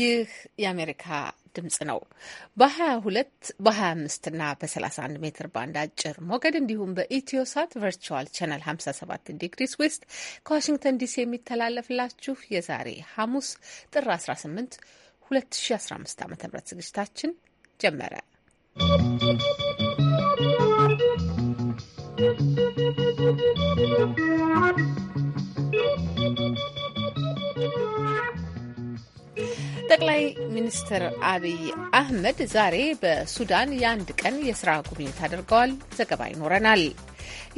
ይህ የአሜሪካ ድምጽ ነው። በ22 በ25 እና በ31 ሜትር ባንድ አጭር ሞገድ እንዲሁም በኢትዮሳት ቨርቹዋል ቻናል 57 ዲግሪስ ዌስት ከዋሽንግተን ዲሲ የሚተላለፍላችሁ የዛሬ ሐሙስ ጥር 18 2015 ዓ ም ዝግጅታችን ጀመረ። ¶¶ ጠቅላይ ሚኒስትር አብይ አህመድ ዛሬ በሱዳን የአንድ ቀን የስራ ጉብኝት አድርገዋል። ዘገባ ይኖረናል።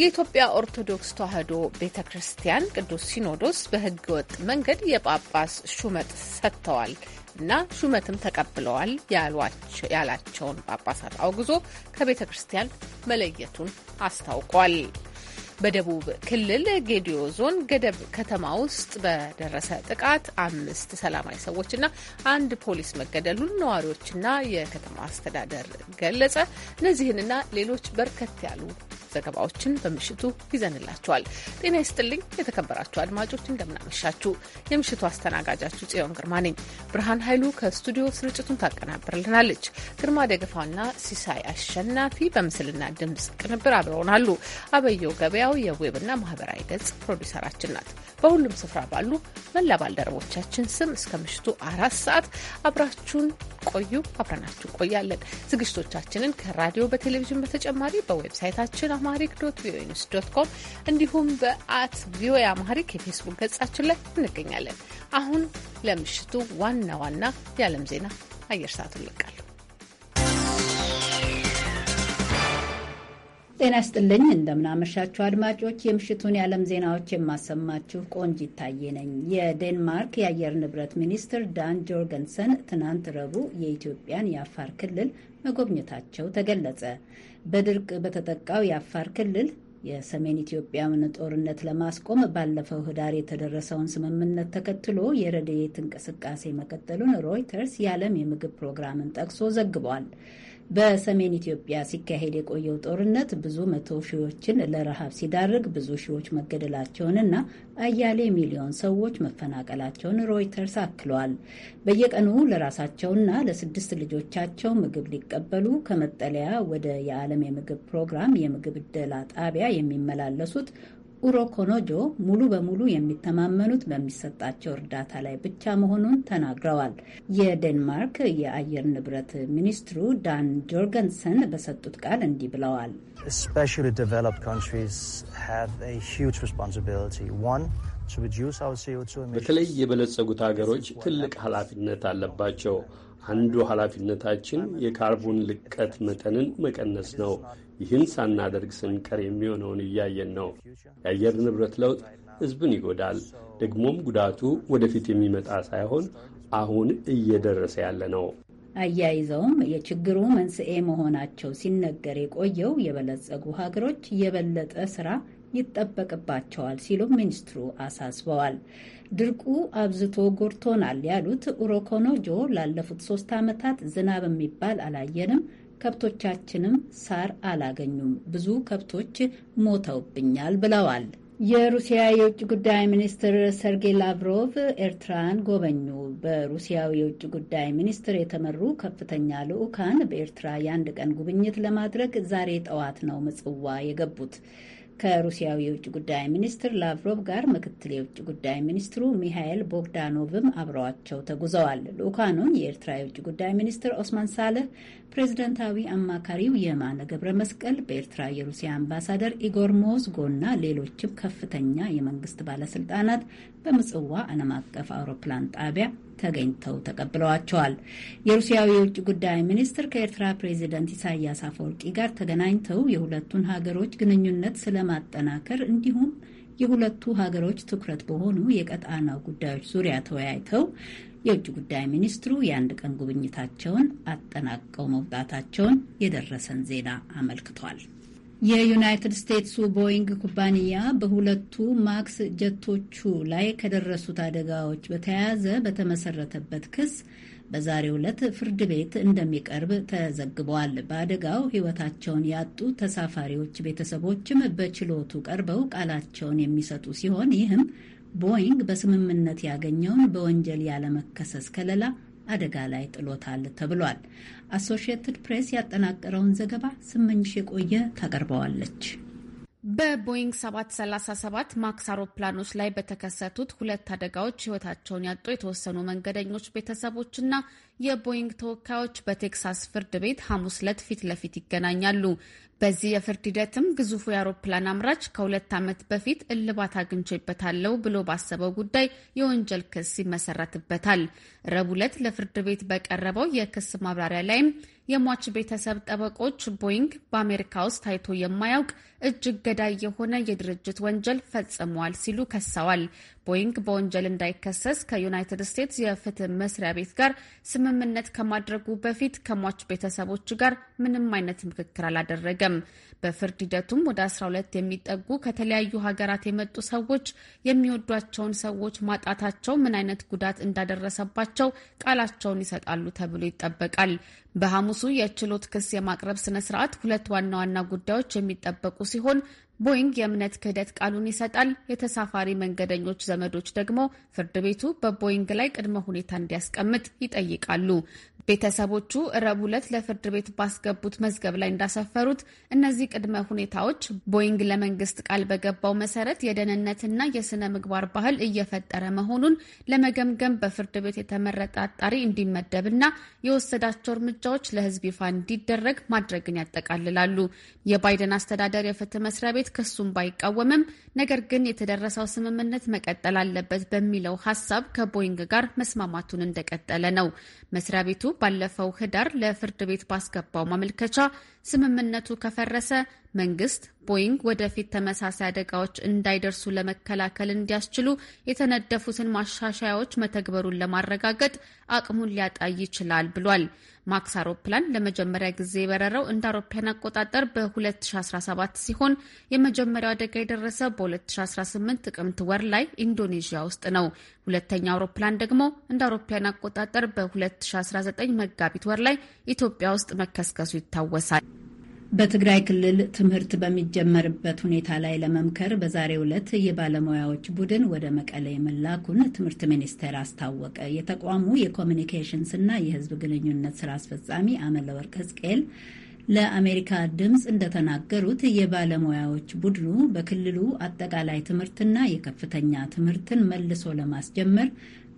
የኢትዮጵያ ኦርቶዶክስ ተዋሕዶ ቤተ ክርስቲያን ቅዱስ ሲኖዶስ በሕገ ወጥ መንገድ የጳጳስ ሹመት ሰጥተዋል እና ሹመትም ተቀብለዋል ያላቸውን ጳጳሳት አውግዞ ከቤተ ክርስቲያን መለየቱን አስታውቋል። በደቡብ ክልል ጌዲዮ ዞን ገደብ ከተማ ውስጥ በደረሰ ጥቃት አምስት ሰላማዊ ሰዎችና አንድ ፖሊስ መገደሉን ነዋሪዎችና የከተማ አስተዳደር ገለጸ። እነዚህንና ሌሎች በርከት ያሉ ዘገባዎችን በምሽቱ ይዘንላችኋል። ጤና ይስጥልኝ የተከበራችሁ አድማጮች፣ እንደምናመሻችሁ። የምሽቱ አስተናጋጃችሁ ጽዮን ግርማ ነኝ። ብርሃን ኃይሉ ከስቱዲዮ ስርጭቱን ታቀናብርልናለች። ግርማ ደገፋና ሲሳይ አሸናፊ በምስልና ድምጽ ቅንብር አብረውናሉ። አበየው ገበያ የዌብ የዌብና ማህበራዊ ገጽ ፕሮዲውሰራችን ናት። በሁሉም ስፍራ ባሉ መላ ባልደረቦቻችን ስም እስከ ምሽቱ አራት ሰዓት አብራችሁን ቆዩ። አብረናችሁ ቆያለን። ዝግጅቶቻችንን ከራዲዮ በቴሌቪዥን በተጨማሪ በዌብሳይታችን አማሪክ ዶት ቪኦኤ ኒውስ ዶት ኮም እንዲሁም በአት ቪኦኤ አማሪክ የፌስቡክ ገጻችን ላይ እንገኛለን። አሁን ለምሽቱ ዋና ዋና የዓለም ዜና አየር ሰዓት ይለቃል። ጤና ይስጥልኝ እንደምናመሻችሁ አድማጮች፣ የምሽቱን የዓለም ዜናዎች የማሰማችሁ ቆንጅ ይታየ ነኝ። የዴንማርክ የአየር ንብረት ሚኒስትር ዳን ጆርገንሰን ትናንት ረቡዕ የኢትዮጵያን የአፋር ክልል መጎብኘታቸው ተገለጸ። በድርቅ በተጠቃው የአፋር ክልል የሰሜን ኢትዮጵያውን ጦርነት ለማስቆም ባለፈው ህዳር የተደረሰውን ስምምነት ተከትሎ የረድኤት እንቅስቃሴ መቀጠሉን ሮይተርስ የዓለም የምግብ ፕሮግራምን ጠቅሶ ዘግቧል። በሰሜን ኢትዮጵያ ሲካሄድ የቆየው ጦርነት ብዙ መቶ ሺዎችን ለረሃብ ሲዳርግ ብዙ ሺዎች መገደላቸውንና አያሌ ሚሊዮን ሰዎች መፈናቀላቸውን ሮይተርስ አክሏል። በየቀኑ ለራሳቸውና ለስድስት ልጆቻቸው ምግብ ሊቀበሉ ከመጠለያ ወደ የዓለም የምግብ ፕሮግራም የምግብ እደላ ጣቢያ የሚመላለሱት ኡሮ ኮኖጆ ሙሉ በሙሉ የሚተማመኑት በሚሰጣቸው እርዳታ ላይ ብቻ መሆኑን ተናግረዋል። የዴንማርክ የአየር ንብረት ሚኒስትሩ ዳን ጆርገንሰን በሰጡት ቃል እንዲህ ብለዋል። በተለይ የበለጸጉት ሀገሮች ትልቅ ኃላፊነት አለባቸው። አንዱ ኃላፊነታችን የካርቦን ልቀት መጠንን መቀነስ ነው። ይህን ሳናደርግ ስንቀር የሚሆነውን እያየን ነው። የአየር ንብረት ለውጥ ሕዝብን ይጎዳል። ደግሞም ጉዳቱ ወደፊት የሚመጣ ሳይሆን አሁን እየደረሰ ያለ ነው። አያይዘውም የችግሩ መንስኤ መሆናቸው ሲነገር የቆየው የበለጸጉ ሀገሮች የበለጠ ስራ ይጠበቅባቸዋል ሲሉ ሚኒስትሩ አሳስበዋል። ድርቁ አብዝቶ ጎድቶናል ያሉት ኡሮኮኖጆ ላለፉት ሶስት ዓመታት ዝናብ የሚባል አላየንም፣ ከብቶቻችንም ሳር አላገኙም፣ ብዙ ከብቶች ሞተውብኛል ብለዋል። የሩሲያ የውጭ ጉዳይ ሚኒስትር ሰርጌይ ላቭሮቭ ኤርትራን ጎበኙ። በሩሲያው የውጭ ጉዳይ ሚኒስትር የተመሩ ከፍተኛ ልዑካን በኤርትራ የአንድ ቀን ጉብኝት ለማድረግ ዛሬ ጠዋት ነው ምጽዋ የገቡት። ከሩሲያው የውጭ ጉዳይ ሚኒስትር ላቭሮቭ ጋር ምክትል የውጭ ጉዳይ ሚኒስትሩ ሚሃኤል ቦግዳኖቭም አብረዋቸው ተጉዘዋል። ልኡካኑን የኤርትራ የውጭ ጉዳይ ሚኒስትር ኦስማን ሳልህ፣ ፕሬዝደንታዊ አማካሪው የማነ ገብረ መስቀል፣ በኤርትራ የሩሲያ አምባሳደር ኢጎር ሞዝጎና ሌሎችም ከፍተኛ የመንግስት ባለስልጣናት በምጽዋ ዓለም አቀፍ አውሮፕላን ጣቢያ ተገኝተው ተቀብለዋቸዋል። የሩሲያው የውጭ ጉዳይ ሚኒስትር ከኤርትራ ፕሬዚደንት ኢሳያስ አፈወርቂ ጋር ተገናኝተው የሁለቱን ሀገሮች ግንኙነት ስለማጠናከር እንዲሁም የሁለቱ ሀገሮች ትኩረት በሆኑ የቀጣናው ጉዳዮች ዙሪያ ተወያይተው የውጭ ጉዳይ ሚኒስትሩ የአንድ ቀን ጉብኝታቸውን አጠናቀው መውጣታቸውን የደረሰን ዜና አመልክቷል። የዩናይትድ ስቴትሱ ቦይንግ ኩባንያ በሁለቱ ማክስ ጀቶቹ ላይ ከደረሱት አደጋዎች በተያያዘ በተመሰረተበት ክስ በዛሬው ዕለት ፍርድ ቤት እንደሚቀርብ ተዘግቧል። በአደጋው ሕይወታቸውን ያጡ ተሳፋሪዎች ቤተሰቦችም በችሎቱ ቀርበው ቃላቸውን የሚሰጡ ሲሆን ይህም ቦይንግ በስምምነት ያገኘውን በወንጀል ያለመከሰስ ከለላ አደጋ ላይ ጥሎታል ተብሏል። አሶሺየትድ ፕሬስ ያጠናቀረውን ዘገባ ስመኝሽ የቆየ ታቀርበዋለች። በቦይንግ 737 ማክስ አውሮፕላኖች ላይ በተከሰቱት ሁለት አደጋዎች ህይወታቸውን ያጡ የተወሰኑ መንገደኞች ቤተሰቦችና የቦይንግ ተወካዮች በቴክሳስ ፍርድ ቤት ሐሙስ ዕለት ፊት ለፊት ይገናኛሉ። በዚህ የፍርድ ሂደትም ግዙፉ የአውሮፕላን አምራች ከሁለት ዓመት በፊት እልባት አግኝቼበታለሁ ብሎ ባሰበው ጉዳይ የወንጀል ክስ ይመሰረትበታል። ረቡዕ ዕለት ለፍርድ ቤት በቀረበው የክስ ማብራሪያ ላይም የሟች ቤተሰብ ጠበቆች ቦይንግ በአሜሪካ ውስጥ ታይቶ የማያውቅ እጅግ ገዳይ የሆነ የድርጅት ወንጀል ፈጽመዋል ሲሉ ከሰዋል። ቦይንግ በወንጀል እንዳይከሰስ ከዩናይትድ ስቴትስ የፍትህ መስሪያ ቤት ጋር ስምምነት ከማድረጉ በፊት ከሟች ቤተሰቦች ጋር ምንም አይነት ምክክር አላደረገም። በፍርድ ሂደቱም ወደ 12 የሚጠጉ ከተለያዩ ሀገራት የመጡ ሰዎች የሚወዷቸውን ሰዎች ማጣታቸው ምን አይነት ጉዳት እንዳደረሰባቸው ቃላቸውን ይሰጣሉ ተብሎ ይጠበቃል። በሐሙሱ የችሎት ክስ የማቅረብ ስነ ስርዓት ሁለት ዋና ዋና ጉዳዮች የሚጠበቁ ሲሆን ቦይንግ የእምነት ክህደት ቃሉን ይሰጣል። የተሳፋሪ መንገደኞች ዘመዶች ደግሞ ፍርድ ቤቱ በቦይንግ ላይ ቅድመ ሁኔታ እንዲያስቀምጥ ይጠይቃሉ። ቤተሰቦቹ ረቡዕ ዕለት ለፍርድ ቤት ባስገቡት መዝገብ ላይ እንዳሰፈሩት እነዚህ ቅድመ ሁኔታዎች ቦይንግ ለመንግስት ቃል በገባው መሰረት የደህንነትና የስነ ምግባር ባህል እየፈጠረ መሆኑን ለመገምገም በፍርድ ቤት የተመረጠ አጣሪ እንዲመደብና የወሰዳቸው እርምጃዎች ለሕዝብ ይፋ እንዲደረግ ማድረግን ያጠቃልላሉ። የባይደን አስተዳደር የፍትህ መስሪያ ቤት ክሱን ባይቃወምም፣ ነገር ግን የተደረሰው ስምምነት መቀጠል አለበት በሚለው ሀሳብ ከቦይንግ ጋር መስማማቱን እንደቀጠለ ነው። መስሪያ ቤቱ ባለፈው ህዳር ለፍርድ ቤት ባስገባው ማመልከቻ ስምምነቱ ከፈረሰ መንግስት ቦይንግ ወደፊት ተመሳሳይ አደጋዎች እንዳይደርሱ ለመከላከል እንዲያስችሉ የተነደፉትን ማሻሻያዎች መተግበሩን ለማረጋገጥ አቅሙን ሊያጣይ ይችላል ብሏል። ማክስ አውሮፕላን ለመጀመሪያ ጊዜ የበረረው እንደ አውሮፓውያን አቆጣጠር በ2017 ሲሆን የመጀመሪያው አደጋ የደረሰ በ2018 ጥቅምት ወር ላይ ኢንዶኔዥያ ውስጥ ነው። ሁለተኛ አውሮፕላን ደግሞ እንደ አውሮፓውያን አቆጣጠር በ2019 መጋቢት ወር ላይ ኢትዮጵያ ውስጥ መከስከሱ ይታወሳል። በትግራይ ክልል ትምህርት በሚጀመርበት ሁኔታ ላይ ለመምከር በዛሬው ዕለት የባለሙያዎች ቡድን ወደ መቀሌ መላኩን ትምህርት ሚኒስቴር አስታወቀ። የተቋሙ የኮሚኒኬሽንስ እና የሕዝብ ግንኙነት ስራ አስፈጻሚ አመለወርቅ ሕዝቅኤል ለአሜሪካ ድምፅ እንደተናገሩት የባለሙያዎች ቡድኑ በክልሉ አጠቃላይ ትምህርትና የከፍተኛ ትምህርትን መልሶ ለማስጀመር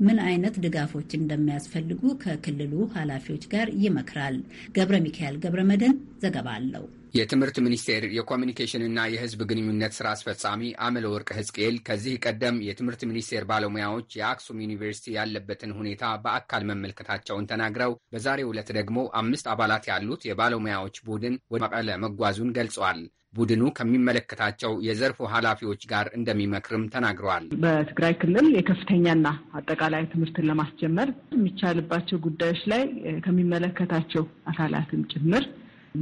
ምን አይነት ድጋፎች እንደሚያስፈልጉ ከክልሉ ኃላፊዎች ጋር ይመክራል። ገብረ ሚካኤል ገብረ መድህን ዘገባ አለው። የትምህርት ሚኒስቴር የኮሚኒኬሽንና የሕዝብ ግንኙነት ስራ አስፈጻሚ አምለ ወርቅ ህዝቅኤል ከዚህ ቀደም የትምህርት ሚኒስቴር ባለሙያዎች የአክሱም ዩኒቨርሲቲ ያለበትን ሁኔታ በአካል መመልከታቸውን ተናግረው በዛሬው ዕለት ደግሞ አምስት አባላት ያሉት የባለሙያዎች ቡድን ወደ መቀለ መጓዙን ገልጸዋል። ቡድኑ ከሚመለከታቸው የዘርፉ ኃላፊዎች ጋር እንደሚመክርም ተናግረዋል። በትግራይ ክልል የከፍተኛና አጠቃላይ ትምህርትን ለማስጀመር የሚቻልባቸው ጉዳዮች ላይ ከሚመለከታቸው አካላትም ጭምር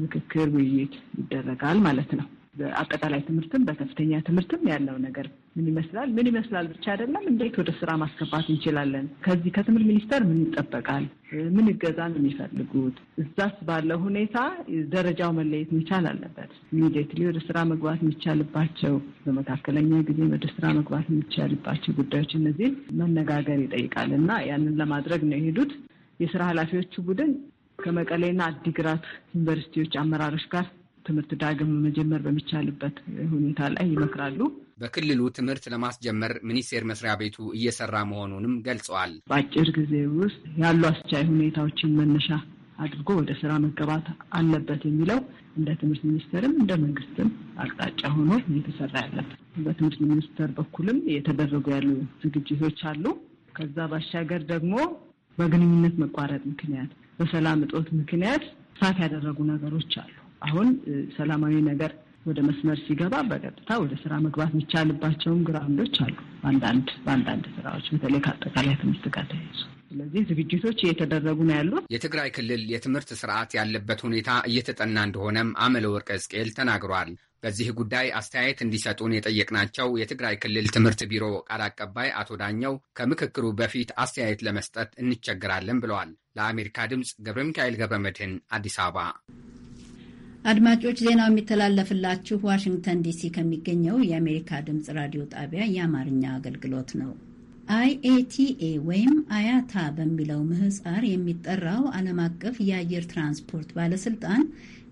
ምክክር፣ ውይይት ይደረጋል ማለት ነው። አጠቃላይ ትምህርትም በከፍተኛ ትምህርትም ያለው ነገር ምን ይመስላል? ምን ይመስላል ብቻ አይደለም፣ እንዴት ወደ ስራ ማስገባት እንችላለን? ከዚህ ከትምህርት ሚኒስቴር ምን ይጠበቃል? ምን እገዛ ነው የሚፈልጉት? እዛስ ባለው ሁኔታ ደረጃው መለየት መቻል አለበት። ኢሚዲየትሊ ወደ ስራ መግባት የሚቻልባቸው፣ በመካከለኛ ጊዜ ወደ ስራ መግባት የሚቻልባቸው ጉዳዮች እነዚህን መነጋገር ይጠይቃል እና ያንን ለማድረግ ነው የሄዱት የስራ ኃላፊዎቹ ቡድን ከመቀሌና አዲግራት ዩኒቨርሲቲዎች አመራሮች ጋር ትምህርት ዳግም መጀመር በሚቻልበት ሁኔታ ላይ ይመክራሉ። በክልሉ ትምህርት ለማስጀመር ሚኒስቴር መስሪያ ቤቱ እየሰራ መሆኑንም ገልጸዋል። በአጭር ጊዜ ውስጥ ያሉ አስቻይ ሁኔታዎችን መነሻ አድርጎ ወደ ስራ መገባት አለበት የሚለው እንደ ትምህርት ሚኒስቴርም እንደ መንግስትም አቅጣጫ ሆኖ እየተሰራ ያለበት። በትምህርት ሚኒስቴር በኩልም እየተደረጉ ያሉ ዝግጅቶች አሉ። ከዛ ባሻገር ደግሞ በግንኙነት መቋረጥ ምክንያት፣ በሰላም እጦት ምክንያት ሳት ያደረጉ ነገሮች አሉ። አሁን ሰላማዊ ነገር ወደ መስመር ሲገባ በቀጥታ ወደ ስራ መግባት የሚቻልባቸውም ግራውንዶች አሉ። በአንዳንድ በአንዳንድ ስራዎች በተለይ ከአጠቃላይ ትምህርት ጋር ተያይዞ ስለዚህ ዝግጅቶች እየተደረጉ ነው ያሉት። የትግራይ ክልል የትምህርት ስርዓት ያለበት ሁኔታ እየተጠና እንደሆነም አመለ ወርቀ ሕዝቅኤል ተናግሯል። በዚህ ጉዳይ አስተያየት እንዲሰጡን የጠየቅናቸው የትግራይ ክልል ትምህርት ቢሮ ቃል አቀባይ አቶ ዳኘው ከምክክሩ በፊት አስተያየት ለመስጠት እንቸገራለን ብለዋል። ለአሜሪካ ድምፅ ገብረ ሚካኤል ገብረ መድህን አዲስ አበባ አድማጮች ዜናው የሚተላለፍላችሁ ዋሽንግተን ዲሲ ከሚገኘው የአሜሪካ ድምፅ ራዲዮ ጣቢያ የአማርኛ አገልግሎት ነው። አይኤቲኤ ወይም አያታ በሚለው ምህጻር የሚጠራው ዓለም አቀፍ የአየር ትራንስፖርት ባለስልጣን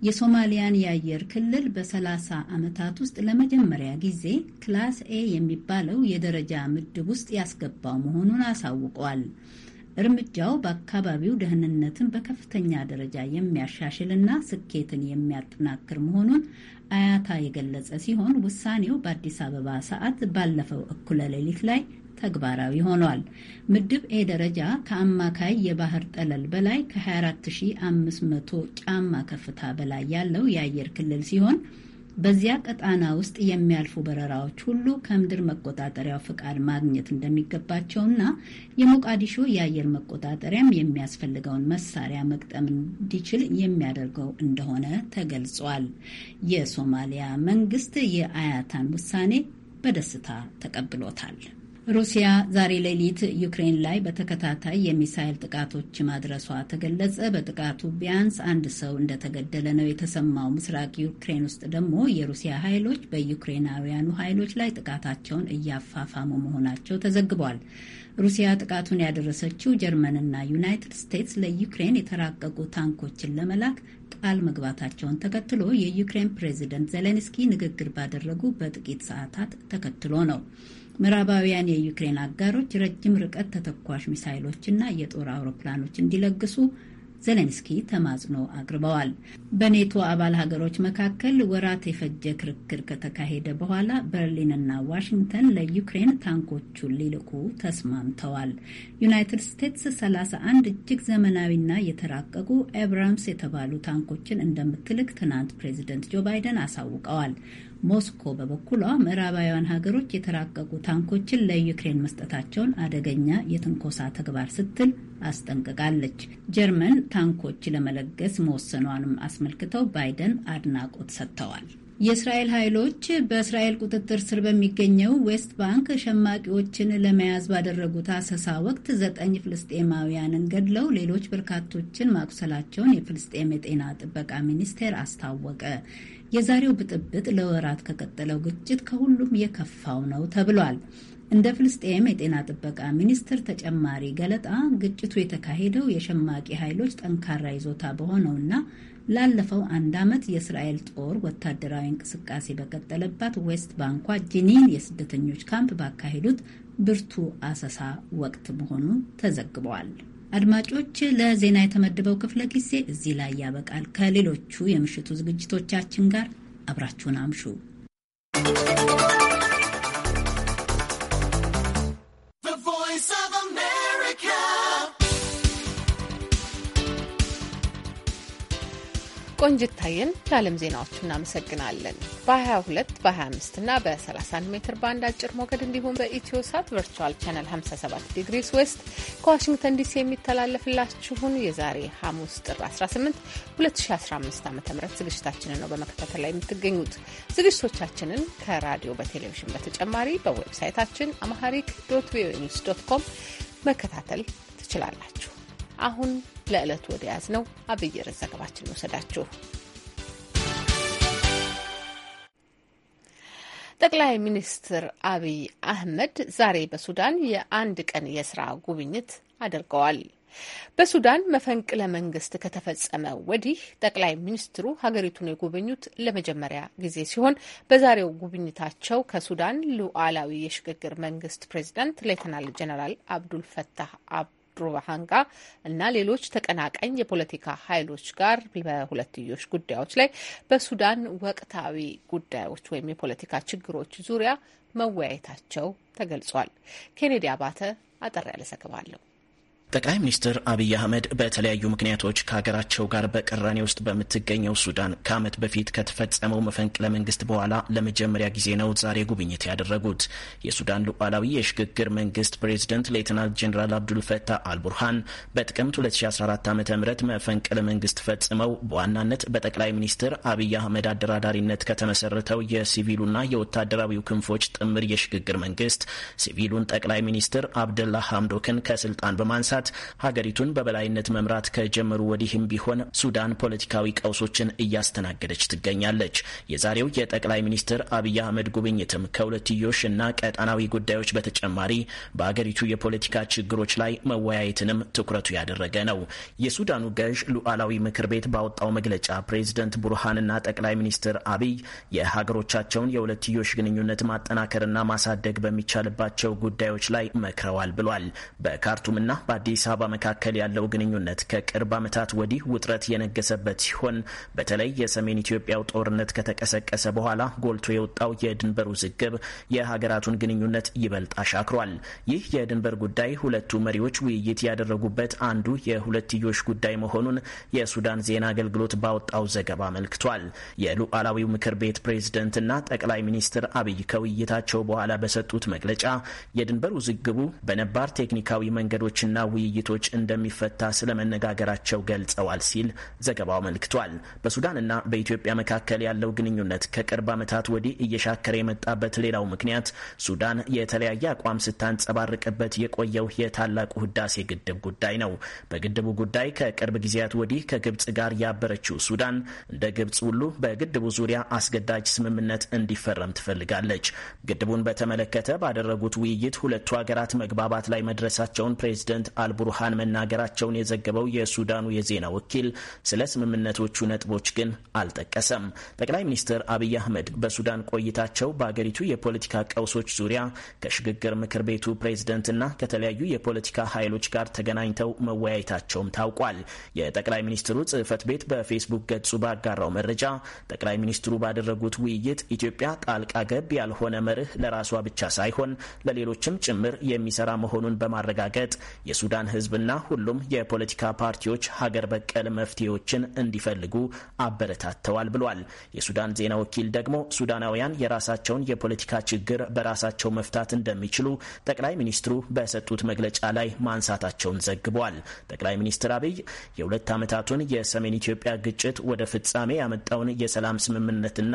የሶማሊያን የአየር ክልል በ30 ዓመታት ውስጥ ለመጀመሪያ ጊዜ ክላስ ኤ የሚባለው የደረጃ ምድብ ውስጥ ያስገባው መሆኑን አሳውቋል። እርምጃው በአካባቢው ደህንነትን በከፍተኛ ደረጃ የሚያሻሽልና ስኬትን የሚያጠናክር መሆኑን አያታ የገለጸ ሲሆን ውሳኔው በአዲስ አበባ ሰዓት ባለፈው እኩለ ሌሊት ላይ ተግባራዊ ሆኗል። ምድብ ኤ ደረጃ ከአማካይ የባህር ጠለል በላይ ከ24500 ጫማ ከፍታ በላይ ያለው የአየር ክልል ሲሆን በዚያ ቀጣና ውስጥ የሚያልፉ በረራዎች ሁሉ ከምድር መቆጣጠሪያው ፍቃድ ማግኘት እንደሚገባቸውና የሞቃዲሾ የአየር መቆጣጠሪያም የሚያስፈልገውን መሳሪያ መቅጠም እንዲችል የሚያደርገው እንደሆነ ተገልጿል። የሶማሊያ መንግስት የአያታን ውሳኔ በደስታ ተቀብሎታል። ሩሲያ ዛሬ ሌሊት ዩክሬን ላይ በተከታታይ የሚሳይል ጥቃቶች ማድረሷ ተገለጸ። በጥቃቱ ቢያንስ አንድ ሰው እንደተገደለ ነው የተሰማው። ምስራቅ ዩክሬን ውስጥ ደግሞ የሩሲያ ኃይሎች በዩክሬናውያኑ ኃይሎች ላይ ጥቃታቸውን እያፋፋሙ መሆናቸው ተዘግቧል። ሩሲያ ጥቃቱን ያደረሰችው ጀርመንና ዩናይትድ ስቴትስ ለዩክሬን የተራቀቁ ታንኮችን ለመላክ ቃል መግባታቸውን ተከትሎ የዩክሬን ፕሬዚደንት ዜሌንስኪ ንግግር ባደረጉ በጥቂት ሰዓታት ተከትሎ ነው። ምዕራባውያን የዩክሬን አጋሮች ረጅም ርቀት ተተኳሽ ሚሳይሎችና የጦር አውሮፕላኖች እንዲለግሱ ዘሌንስኪ ተማጽኖ አቅርበዋል። በኔቶ አባል ሀገሮች መካከል ወራት የፈጀ ክርክር ከተካሄደ በኋላ በርሊንና ዋሽንግተን ለዩክሬን ታንኮቹን ሊልኩ ተስማምተዋል። ዩናይትድ ስቴትስ 31 እጅግ ዘመናዊና የተራቀቁ ኤብራምስ የተባሉ ታንኮችን እንደምትልክ ትናንት ፕሬዚደንት ጆ ባይደን አሳውቀዋል። ሞስኮ በበኩሏ ምዕራባውያን ሀገሮች የተራቀቁ ታንኮችን ለዩክሬን መስጠታቸውን አደገኛ የትንኮሳ ተግባር ስትል አስጠንቅቃለች። ጀርመን ታንኮች ለመለገስ መወሰኗንም አስመልክተው ባይደን አድናቆት ሰጥተዋል። የእስራኤል ኃይሎች በእስራኤል ቁጥጥር ስር በሚገኘው ዌስት ባንክ ሸማቂዎችን ለመያዝ ባደረጉት አሰሳ ወቅት ዘጠኝ ፍልስጤማውያንን ገድለው ሌሎች በርካቶችን ማቁሰላቸውን የፍልስጤም የጤና ጥበቃ ሚኒስቴር አስታወቀ። የዛሬው ብጥብጥ ለወራት ከቀጠለው ግጭት ከሁሉም የከፋው ነው ተብሏል። እንደ ፍልስጤም የጤና ጥበቃ ሚኒስትር ተጨማሪ ገለጣ ግጭቱ የተካሄደው የሸማቂ ኃይሎች ጠንካራ ይዞታ በሆነውና ላለፈው አንድ ዓመት የእስራኤል ጦር ወታደራዊ እንቅስቃሴ በቀጠለባት ዌስት ባንኳ ጂኒን የስደተኞች ካምፕ ባካሄዱት ብርቱ አሰሳ ወቅት መሆኑ ተዘግቧል። አድማጮች፣ ለዜና የተመደበው ክፍለ ጊዜ እዚህ ላይ ያበቃል። ከሌሎቹ የምሽቱ ዝግጅቶቻችን ጋር አብራችሁን አምሹ። ቆንጅታየን ለዓለም ዜናዎቹ እናመሰግናለን። በ22 በ25 እና በ31 ሜትር ባንድ አጭር ሞገድ እንዲሁም በኢትዮ ሳት ቨርቹዋል ቻነል 57 ዲግሪስ ዌስት ከዋሽንግተን ዲሲ የሚተላለፍላችሁን የዛሬ ሐሙስ ጥር 18 2015 ዓ ም ዝግጅታችንን ነው በመከታተል ላይ የምትገኙት። ዝግጅቶቻችንን ከራዲዮ በቴሌቪዥን በተጨማሪ በዌብሳይታችን አማሃሪክ ዶት ቪኦኤ ኒውስ ዶት ኮም መከታተል ትችላላችሁ። አሁን ለዕለቱ ወደ ያዝ ነው አብይ ርዕስ ዘገባችን ወሰዳችሁ። ጠቅላይ ሚኒስትር አብይ አህመድ ዛሬ በሱዳን የአንድ ቀን የስራ ጉብኝት አድርገዋል። በሱዳን መፈንቅለ መንግስት ከተፈጸመ ወዲህ ጠቅላይ ሚኒስትሩ ሀገሪቱን የጎበኙት ለመጀመሪያ ጊዜ ሲሆን በዛሬው ጉብኝታቸው ከሱዳን ሉዓላዊ የሽግግር መንግስት ፕሬዚዳንት ሌተናል ጀነራል አብዱል ፈታህ አብ ሩባሃንጋ እና ሌሎች ተቀናቃኝ የፖለቲካ ኃይሎች ጋር በሁለትዮሽ ጉዳዮች ላይ በሱዳን ወቅታዊ ጉዳዮች ወይም የፖለቲካ ችግሮች ዙሪያ መወያየታቸው ተገልጿል። ኬኔዲ አባተ አጠር ያለ ዘገባ አለው። ጠቅላይ ሚኒስትር አብይ አህመድ በተለያዩ ምክንያቶች ከሀገራቸው ጋር በቅራኔ ውስጥ በምትገኘው ሱዳን ከዓመት በፊት ከተፈጸመው መፈንቅለ መንግስት በኋላ ለመጀመሪያ ጊዜ ነው ዛሬ ጉብኝት ያደረጉት። የሱዳን ሉዓላዊ የሽግግር መንግስት ፕሬዝደንት ሌትናንት ጀኔራል አብዱልፈታህ አልቡርሃን በጥቅምት 2014 ዓ ም መፈንቅለ መንግስት ፈጽመው በዋናነት በጠቅላይ ሚኒስትር አብይ አህመድ አደራዳሪነት ከተመሰረተው የሲቪሉና የወታደራዊው ክንፎች ጥምር የሽግግር መንግስት ሲቪሉን ጠቅላይ ሚኒስትር አብደላ ሀምዶክን ከስልጣን በማንሳት መንግስታት ሀገሪቱን በበላይነት መምራት ከጀመሩ ወዲህም ቢሆን ሱዳን ፖለቲካዊ ቀውሶችን እያስተናገደች ትገኛለች። የዛሬው የጠቅላይ ሚኒስትር አብይ አህመድ ጉብኝትም ከሁለትዮሽ እና ቀጣናዊ ጉዳዮች በተጨማሪ በሀገሪቱ የፖለቲካ ችግሮች ላይ መወያየትንም ትኩረቱ ያደረገ ነው። የሱዳኑ ገዥ ሉዓላዊ ምክር ቤት ባወጣው መግለጫ ፕሬዚደንት ቡርሃንና ጠቅላይ ሚኒስትር አብይ የሀገሮቻቸውን የሁለትዮሽ ግንኙነት ማጠናከርና ማሳደግ በሚቻልባቸው ጉዳዮች ላይ መክረዋል ብሏል። በካርቱምና በአዲስ አዲስ አበባ መካከል ያለው ግንኙነት ከቅርብ ዓመታት ወዲህ ውጥረት የነገሰበት ሲሆን በተለይ የሰሜን ኢትዮጵያው ጦርነት ከተቀሰቀሰ በኋላ ጎልቶ የወጣው የድንበር ውዝግብ የሀገራቱን ግንኙነት ይበልጥ አሻክሯል። ይህ የድንበር ጉዳይ ሁለቱ መሪዎች ውይይት ያደረጉበት አንዱ የሁለትዮሽ ጉዳይ መሆኑን የሱዳን ዜና አገልግሎት ባወጣው ዘገባ አመልክቷል። የሉዓላዊው ምክር ቤት ፕሬዝደንትና ጠቅላይ ሚኒስትር አብይ ከውይይታቸው በኋላ በሰጡት መግለጫ የድንበር ውዝግቡ በነባር ቴክኒካዊ መንገዶችና ውይይቶች እንደሚፈታ ስለመነጋገራቸው ገልጸዋል ሲል ዘገባው አመልክቷል። በሱዳንና በኢትዮጵያ መካከል ያለው ግንኙነት ከቅርብ ዓመታት ወዲህ እየሻከረ የመጣበት ሌላው ምክንያት ሱዳን የተለያየ አቋም ስታንጸባርቅበት የቆየው የታላቁ ህዳሴ ግድብ ጉዳይ ነው። በግድቡ ጉዳይ ከቅርብ ጊዜያት ወዲህ ከግብጽ ጋር ያበረችው ሱዳን እንደ ግብጽ ሁሉ በግድቡ ዙሪያ አስገዳጅ ስምምነት እንዲፈረም ትፈልጋለች። ግድቡን በተመለከተ ባደረጉት ውይይት ሁለቱ ሀገራት መግባባት ላይ መድረሳቸውን ፕሬዚደንት ቡርሃን መናገራቸውን የዘገበው የሱዳኑ የዜና ወኪል ስለ ስምምነቶቹ ነጥቦች ግን አልጠቀሰም። ጠቅላይ ሚኒስትር አብይ አህመድ በሱዳን ቆይታቸው በአገሪቱ የፖለቲካ ቀውሶች ዙሪያ ከሽግግር ምክር ቤቱ ፕሬዝደንትና ከተለያዩ የፖለቲካ ኃይሎች ጋር ተገናኝተው መወያየታቸውም ታውቋል። የጠቅላይ ሚኒስትሩ ጽህፈት ቤት በፌስቡክ ገጹ ባጋራው መረጃ ጠቅላይ ሚኒስትሩ ባደረጉት ውይይት ኢትዮጵያ ጣልቃ ገብ ያልሆነ መርህ ለራሷ ብቻ ሳይሆን ለሌሎችም ጭምር የሚሰራ መሆኑን በማረጋገጥ የሱ የሱዳን ህዝብና ሁሉም የፖለቲካ ፓርቲዎች ሀገር በቀል መፍትሄዎችን እንዲፈልጉ አበረታተዋል ብሏል። የሱዳን ዜና ወኪል ደግሞ ሱዳናውያን የራሳቸውን የፖለቲካ ችግር በራሳቸው መፍታት እንደሚችሉ ጠቅላይ ሚኒስትሩ በሰጡት መግለጫ ላይ ማንሳታቸውን ዘግቧል። ጠቅላይ ሚኒስትር አብይ የሁለት ዓመታቱን የሰሜን ኢትዮጵያ ግጭት ወደ ፍጻሜ ያመጣውን የሰላም ስምምነትና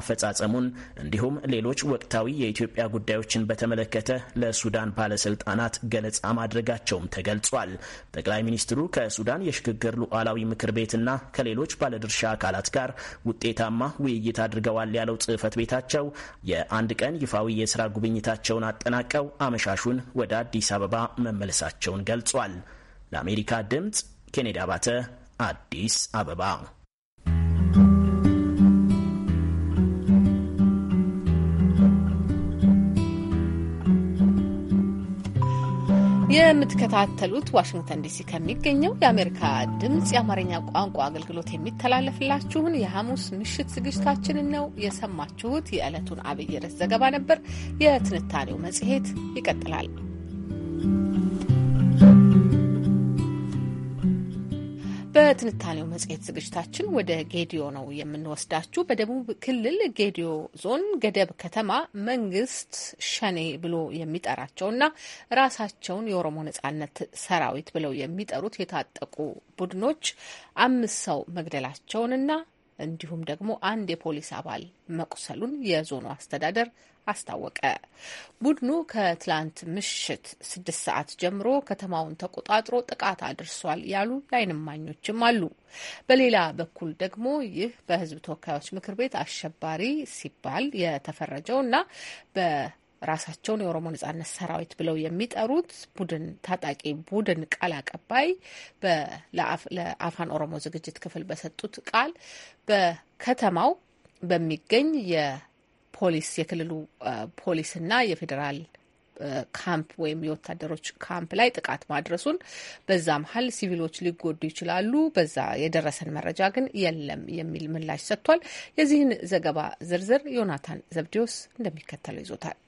አፈጻጸሙን እንዲሁም ሌሎች ወቅታዊ የኢትዮጵያ ጉዳዮችን በተመለከተ ለሱዳን ባለስልጣናት ገለጻ ማድረጋቸውም ተገልጿል። ጠቅላይ ሚኒስትሩ ከሱዳን የሽግግር ሉዓላዊ ምክር ቤትና ከሌሎች ባለድርሻ አካላት ጋር ውጤታማ ውይይት አድርገዋል ያለው ጽህፈት ቤታቸው የአንድ ቀን ይፋዊ የስራ ጉብኝታቸውን አጠናቀው አመሻሹን ወደ አዲስ አበባ መመለሳቸውን ገልጿል። ለአሜሪካ ድምጽ ኬኔዲ አባተ አዲስ አበባ የምትከታተሉት ዋሽንግተን ዲሲ ከሚገኘው የአሜሪካ ድምፅ የአማርኛ ቋንቋ አገልግሎት የሚተላለፍላችሁን የሐሙስ ምሽት ዝግጅታችንን ነው የሰማችሁት። የዕለቱን አብይ ርዕስ ዘገባ ነበር። የትንታኔው መጽሔት ይቀጥላል። በትንታኔው መጽሔት ዝግጅታችን ወደ ጌዲዮ ነው የምንወስዳችሁ። በደቡብ ክልል ጌዲዮ ዞን ገደብ ከተማ መንግስት ሸኔ ብሎ የሚጠራቸውና ራሳቸውን የኦሮሞ ነጻነት ሰራዊት ብለው የሚጠሩት የታጠቁ ቡድኖች አምስት ሰው መግደላቸውንና እንዲሁም ደግሞ አንድ የፖሊስ አባል መቁሰሉን የዞኑ አስተዳደር አስታወቀ። ቡድኑ ከትላንት ምሽት ስድስት ሰዓት ጀምሮ ከተማውን ተቆጣጥሮ ጥቃት አድርሷል ያሉ የአይንማኞችም አሉ። በሌላ በኩል ደግሞ ይህ በሕዝብ ተወካዮች ምክር ቤት አሸባሪ ሲባል የተፈረጀው እና ራሳቸውን የኦሮሞ ነጻነት ሰራዊት ብለው የሚጠሩት ቡድን ታጣቂ ቡድን ቃል አቀባይ ለአፋን ኦሮሞ ዝግጅት ክፍል በሰጡት ቃል በከተማው በሚገኝ ፖሊስ የክልሉ ፖሊስና የፌዴራል ካምፕ ወይም የወታደሮች ካምፕ ላይ ጥቃት ማድረሱን፣ በዛ መሀል ሲቪሎች ሊጎዱ ይችላሉ፣ በዛ የደረሰን መረጃ ግን የለም የሚል ምላሽ ሰጥቷል። የዚህን ዘገባ ዝርዝር ዮናታን ዘብዲዎስ እንደሚከተለው ይዞታል።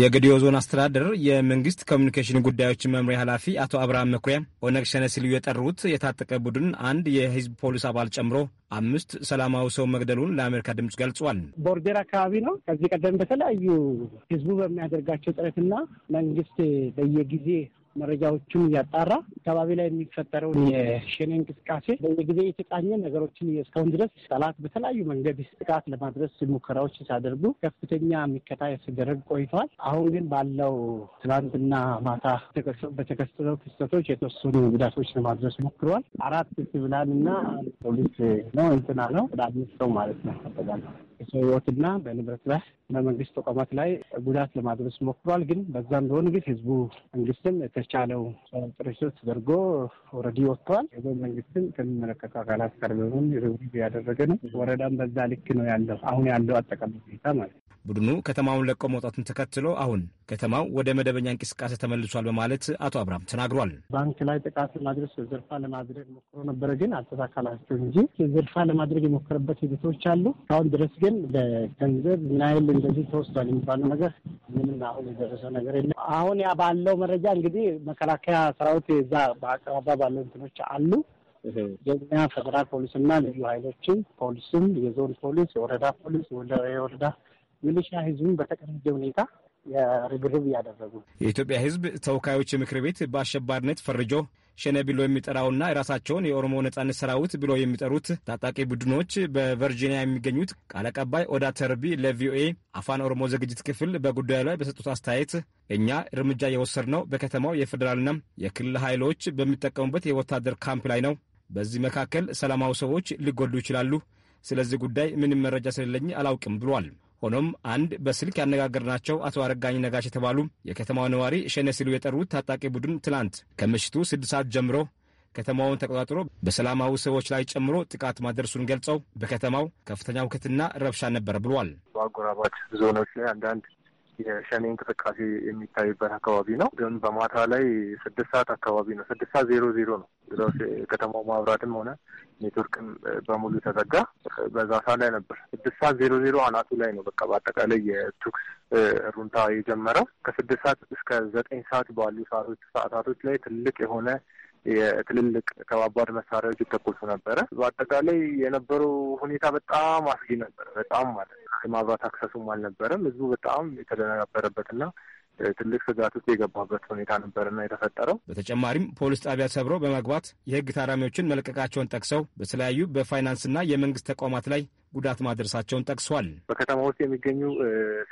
የገዲዮ ዞን አስተዳደር የመንግስት ኮሚኒኬሽን ጉዳዮች መምሪያ ኃላፊ አቶ አብርሃም መኩሪያ ኦነግ ሸኔ ሲሉ የጠሩት የታጠቀ ቡድን አንድ የህዝብ ፖሊስ አባል ጨምሮ አምስት ሰላማዊ ሰው መግደሉን ለአሜሪካ ድምጽ ገልጿል። ቦርዴር አካባቢ ነው። ከዚህ ቀደም በተለያዩ ህዝቡ በሚያደርጋቸው ጥረትና መንግስት በየጊዜ መረጃዎቹን እያጣራ አካባቢ ላይ የሚፈጠረው የሸኔ እንቅስቃሴ በየጊዜ የተቃኘ ነገሮችን እስካሁን ድረስ ጠላት በተለያዩ መንገድ ጥቃት ለማድረስ ሙከራዎች ሲያደርጉ ከፍተኛ የሚከታ ሲደረግ ቆይተዋል። አሁን ግን ባለው ትናንትና ማታ በተከሰተው ክስተቶች የተወሰኑ ጉዳቶች ለማድረስ ሞክረዋል። አራት ሲቪላን እና ፖሊስ ነው እንትና ነው አምስት ሰው ማለት ነው። በሰው ህይወትና በንብረት ላይ በመንግስት ተቋማት ላይ ጉዳት ለማድረስ ሞክሯል። ግን በዛም ቢሆን ግን ህዝቡ መንግስትም የተቻለው ጥረቶች ተደርጎ ወረዲ ወጥተዋል። የዞን መንግስትም ከሚመለከቱ አካላት ጋር በመሆን ርብርብ ያደረገ ነው። ወረዳም በዛ ልክ ነው ያለው አሁን ያለው አጠቃላይ ሁኔታ ማለት ነው። ቡድኑ ከተማውን ለቆ መውጣቱን ተከትሎ አሁን ከተማው ወደ መደበኛ እንቅስቃሴ ተመልሷል በማለት አቶ አብርሃም ተናግሯል። ባንክ ላይ ጥቃት ለማድረስ ዘርፋ ለማድረግ ሞክሮ ነበረ፣ ግን አልተሳካላቸው እንጂ ዘርፋ ለማድረግ የሞከረበት ሂደቶች አሉ። አሁን ድረስ ግን በገንዘብ ናይል እንደዚህ ተወስዷል የሚባሉ ነገር ምንም አሁን የደረሰ ነገር የለም። አሁን ያ ባለው መረጃ እንግዲህ መከላከያ ሰራዊት ዛ በአቀባባ ባለው እንትኖች አሉ የኛ ፌደራል ፖሊስና ልዩ ኃይሎችን ፖሊስም፣ የዞን ፖሊስ፣ የወረዳ ፖሊስ፣ የወረዳ ሚሊሻ ህዝብን በተቀናጀ ሁኔታ ርብርብ እያደረጉ የኢትዮጵያ ህዝብ ተወካዮች ምክር ቤት በአሸባሪነት ፈርጆ ሸነ ብሎ የሚጠራውና የራሳቸውን የኦሮሞ ነጻነት ሰራዊት ብሎ የሚጠሩት ታጣቂ ቡድኖች በቨርጂኒያ የሚገኙት ቃል አቀባይ ኦዳ ተርቢ ለቪኦኤ አፋን ኦሮሞ ዝግጅት ክፍል በጉዳዩ ላይ በሰጡት አስተያየት እኛ እርምጃ የወሰድነው በከተማው የፌዴራልና የክልል ኃይሎች በሚጠቀሙበት የወታደር ካምፕ ላይ ነው። በዚህ መካከል ሰላማዊ ሰዎች ሊጎዱ ይችላሉ። ስለዚህ ጉዳይ ምንም መረጃ ስለሌለኝ አላውቅም ብሏል። ሆኖም አንድ በስልክ ያነጋገርናቸው አቶ አረጋኝ ነጋሽ የተባሉ የከተማው ነዋሪ ሸነ ሲሉ የጠሩት ታጣቂ ቡድን ትናንት ከምሽቱ ስድስት ሰዓት ጀምሮ ከተማውን ተቆጣጥሮ በሰላማዊ ሰዎች ላይ ጨምሮ ጥቃት ማድረሱን ገልጸው በከተማው ከፍተኛ ውከትና ረብሻ ነበር ብሏል። በአጎራባች ዞኖች ላይ አንዳንድ የሸኔ እንቅስቃሴ የሚታይበት አካባቢ ነው። ግን በማታ ላይ ስድስት ሰዓት አካባቢ ነው፣ ስድስት ሰዓት ዜሮ ዜሮ ነው። ድረስ የከተማው ማብራትም ሆነ ኔትወርክም በሙሉ ተዘጋ። በዛ ሰዓት ላይ ነበር ስድስት ሰዓት ዜሮ ዜሮ አናቱ ላይ ነው። በቃ በአጠቃላይ የቱክስ ሩንታ የጀመረው ከስድስት ሰዓት እስከ ዘጠኝ ሰዓት ባሉ ሰዓቶች ሰዓታቶች ላይ ትልቅ የሆነ የትልልቅ ከባባድ መሳሪያዎች ይተኮሱ ነበረ። በአጠቃላይ የነበረው ሁኔታ በጣም አስጊ ነበር። በጣም ማለት የማብራት አክሰሱም አልነበረም። ህዝቡ በጣም የተደናበረበትና ትልቅ ስጋት ውስጥ የገባበት ሁኔታ ነበርና የተፈጠረው። በተጨማሪም ፖሊስ ጣቢያ ሰብሮ በመግባት የህግ ታራሚዎችን መልቀቃቸውን ጠቅሰው በተለያዩ በፋይናንስና የመንግስት ተቋማት ላይ ጉዳት ማድረሳቸውን ጠቅሷል። በከተማ ውስጥ የሚገኙ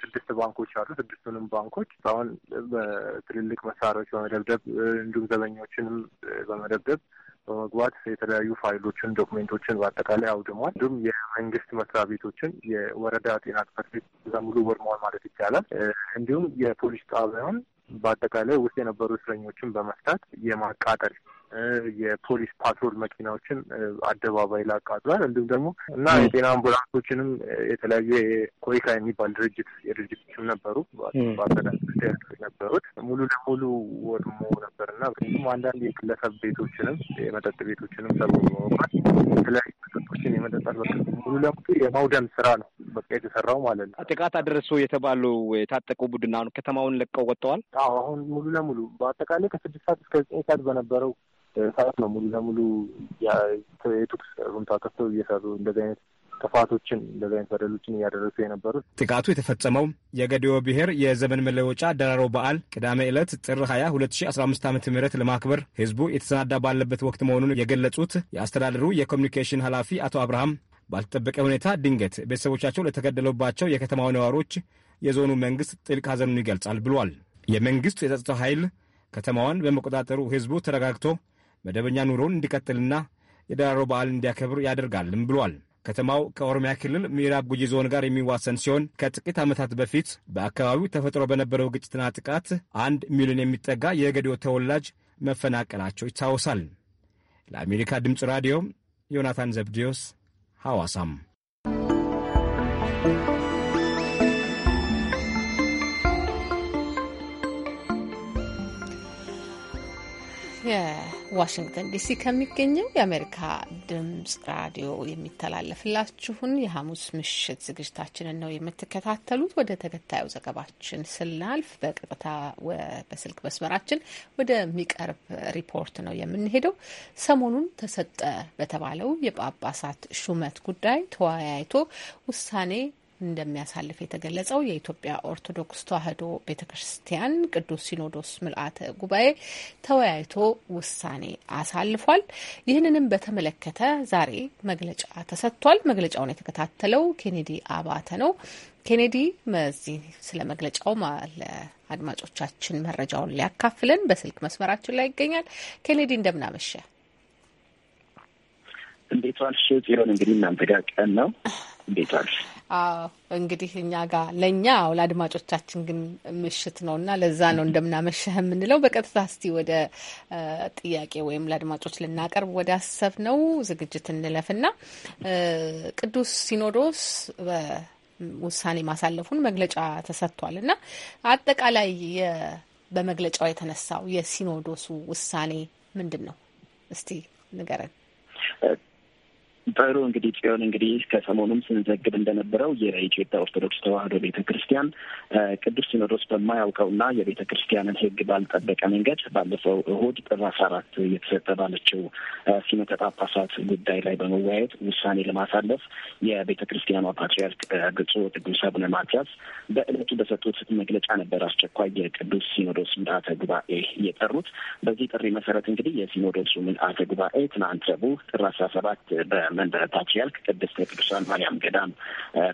ስድስት ባንኮች አሉ። ስድስቱንም ባንኮች አሁን በትልልቅ መሳሪያዎች በመደብደብ እንዲሁም ዘበኞችንም በመደብደብ በመግባት የተለያዩ ፋይሎችን፣ ዶክሜንቶችን በአጠቃላይ አውድሟል። እንዲሁም የመንግስት መስሪያ ቤቶችን፣ የወረዳ ጤና ጽሕፈት ቤት ሙሉ ወድመዋል ማለት ይቻላል። እንዲሁም የፖሊስ ጣቢያውን በአጠቃላይ ውስጥ የነበሩ እስረኞችን በመፍታት የማቃጠል የፖሊስ ፓትሮል መኪናዎችን አደባባይ ላቃጥሏል። እንዲሁም ደግሞ እና የጤና አምቡላንሶችንም የተለያዩ የኮይካ የሚባል ድርጅት የድርጅቶችም ነበሩ በአበዳል ነበሩት ሙሉ ለሙሉ ወድሞ ነበር እና ምክንያቱም አንዳንድ የግለሰብ ቤቶችንም የመጠጥ ቤቶችንም ሰብሮ በመባል የተለያዩ መጠጦችን የመጠጣት በቃ ሙሉ ለሙሉ የማውደም ስራ ነው በቃ የተሰራው ማለት ነው። ጥቃት አደረሱ የተባሉ የታጠቁ ቡድን አሁን ከተማውን ለቀው ወጥተዋል። አሁን ሙሉ ለሙሉ በአጠቃላይ ከስድስት ሰዓት እስከ ዘጠኝ ሰዓት በነበረው ሰዓት ነው ሙሉ ለሙሉ የቱክስ ሩምታ ከፍተው እየሰሩ እንደዚህ አይነት ጥፋቶችን እንደዚህ አይነት በደሎችን እያደረሱ የነበሩት። ጥቃቱ የተፈጸመው የገዲዮ ብሔር የዘመን መለወጫ አደራሮ በዓል ቅዳሜ ዕለት ጥር 20 2015 ዓ ም ለማክበር ህዝቡ የተሰናዳ ባለበት ወቅት መሆኑን የገለጹት የአስተዳደሩ የኮሚኒኬሽን ኃላፊ አቶ አብርሃም ባልተጠበቀ ሁኔታ ድንገት ቤተሰቦቻቸው ለተገደሉባቸው የከተማው ነዋሪዎች የዞኑ መንግስት ጥልቅ ሀዘኑን ይገልጻል ብሏል። የመንግስቱ የጸጥታ ኃይል ከተማዋን በመቆጣጠሩ ህዝቡ ተረጋግቶ መደበኛ ኑሮውን እንዲቀጥልና የደራሮ በዓል እንዲያከብር ያደርጋልም ብሏል። ከተማው ከኦሮሚያ ክልል ምዕራብ ጉጂ ዞን ጋር የሚዋሰን ሲሆን ከጥቂት ዓመታት በፊት በአካባቢው ተፈጥሮ በነበረው ግጭትና ጥቃት አንድ ሚሊዮን የሚጠጋ የገዲዮ ተወላጅ መፈናቀላቸው ይታወሳል። ለአሜሪካ ድምፅ ራዲዮ ዮናታን ዘብዲዮስ ሐዋሳም። Yeah. ዋሽንግተን ዲሲ ከሚገኘው የአሜሪካ ድምጽ ራዲዮ የሚተላለፍላችሁን የሐሙስ ምሽት ዝግጅታችንን ነው የምትከታተሉት። ወደ ተከታዩ ዘገባችን ስናልፍ በቀጥታ በስልክ መስመራችን ወደሚቀርብ ሪፖርት ነው የምንሄደው። ሰሞኑን ተሰጠ በተባለው የጳጳሳት ሹመት ጉዳይ ተወያይቶ ውሳኔ እንደሚያሳልፍ የተገለጸው የኢትዮጵያ ኦርቶዶክስ ተዋሕዶ ቤተ ክርስቲያን ቅዱስ ሲኖዶስ ምልአተ ጉባኤ ተወያይቶ ውሳኔ አሳልፏል። ይህንንም በተመለከተ ዛሬ መግለጫ ተሰጥቷል። መግለጫውን የተከታተለው ኬኔዲ አባተ ነው። ኬኔዲ መዚህ ስለ መግለጫው ለአድማጮቻችን መረጃውን ሊያካፍለን በስልክ መስመራችን ላይ ይገኛል። ኬኔዲ እንደምናመሸ እንዴት ዋልሽ ጽዮን? እንግዲህ እናንተ ጋር ቀን ነው። እንዴት ዋልሽ? እንግዲህ እኛ ጋር ለእኛ ለአድማጮቻችን ግን ምሽት ነው እና ለዛ ነው እንደምናመሸህ የምንለው። በቀጥታ እስቲ ወደ ጥያቄ ወይም ለአድማጮች ልናቀርብ ወደ አሰብ ነው ዝግጅት እንለፍና ቅዱስ ሲኖዶስ ውሳኔ ማሳለፉን መግለጫ ተሰጥቷል እና አጠቃላይ በመግለጫው የተነሳው የሲኖዶሱ ውሳኔ ምንድን ነው? እስቲ ንገረን። ጥሩ እንግዲህ ጽዮን እንግዲህ ከሰሞኑም ስንዘግብ እንደነበረው የኢትዮጵያ ኦርቶዶክስ ተዋህዶ ቤተ ክርስቲያን ቅዱስ ሲኖዶስ በማያውቀውና የቤተ ክርስቲያንን ሕግ ባልጠበቀ መንገድ ባለፈው እሁድ ጥር አስራ አራት እየተሰጠ ባለችው ሲመተ ጳጳሳት ጉዳይ ላይ በመወያየት ውሳኔ ለማሳለፍ የቤተ ክርስቲያኗ ፓትሪያርክ ብፁዕ ቅዱስ አቡነ ማትያስ በእለቱ በሰጡት መግለጫ ነበር አስቸኳይ የቅዱስ ሲኖዶስ ምልአተ ጉባኤ የጠሩት። በዚህ ጥሪ መሰረት እንግዲህ የሲኖዶሱ ምልአተ ጉባኤ ትናንት ረቡዕ ጥር አስራ ሰባት በ አለን በረታች ያልክ ቅድስት ቅዱሳን ማርያም ገዳም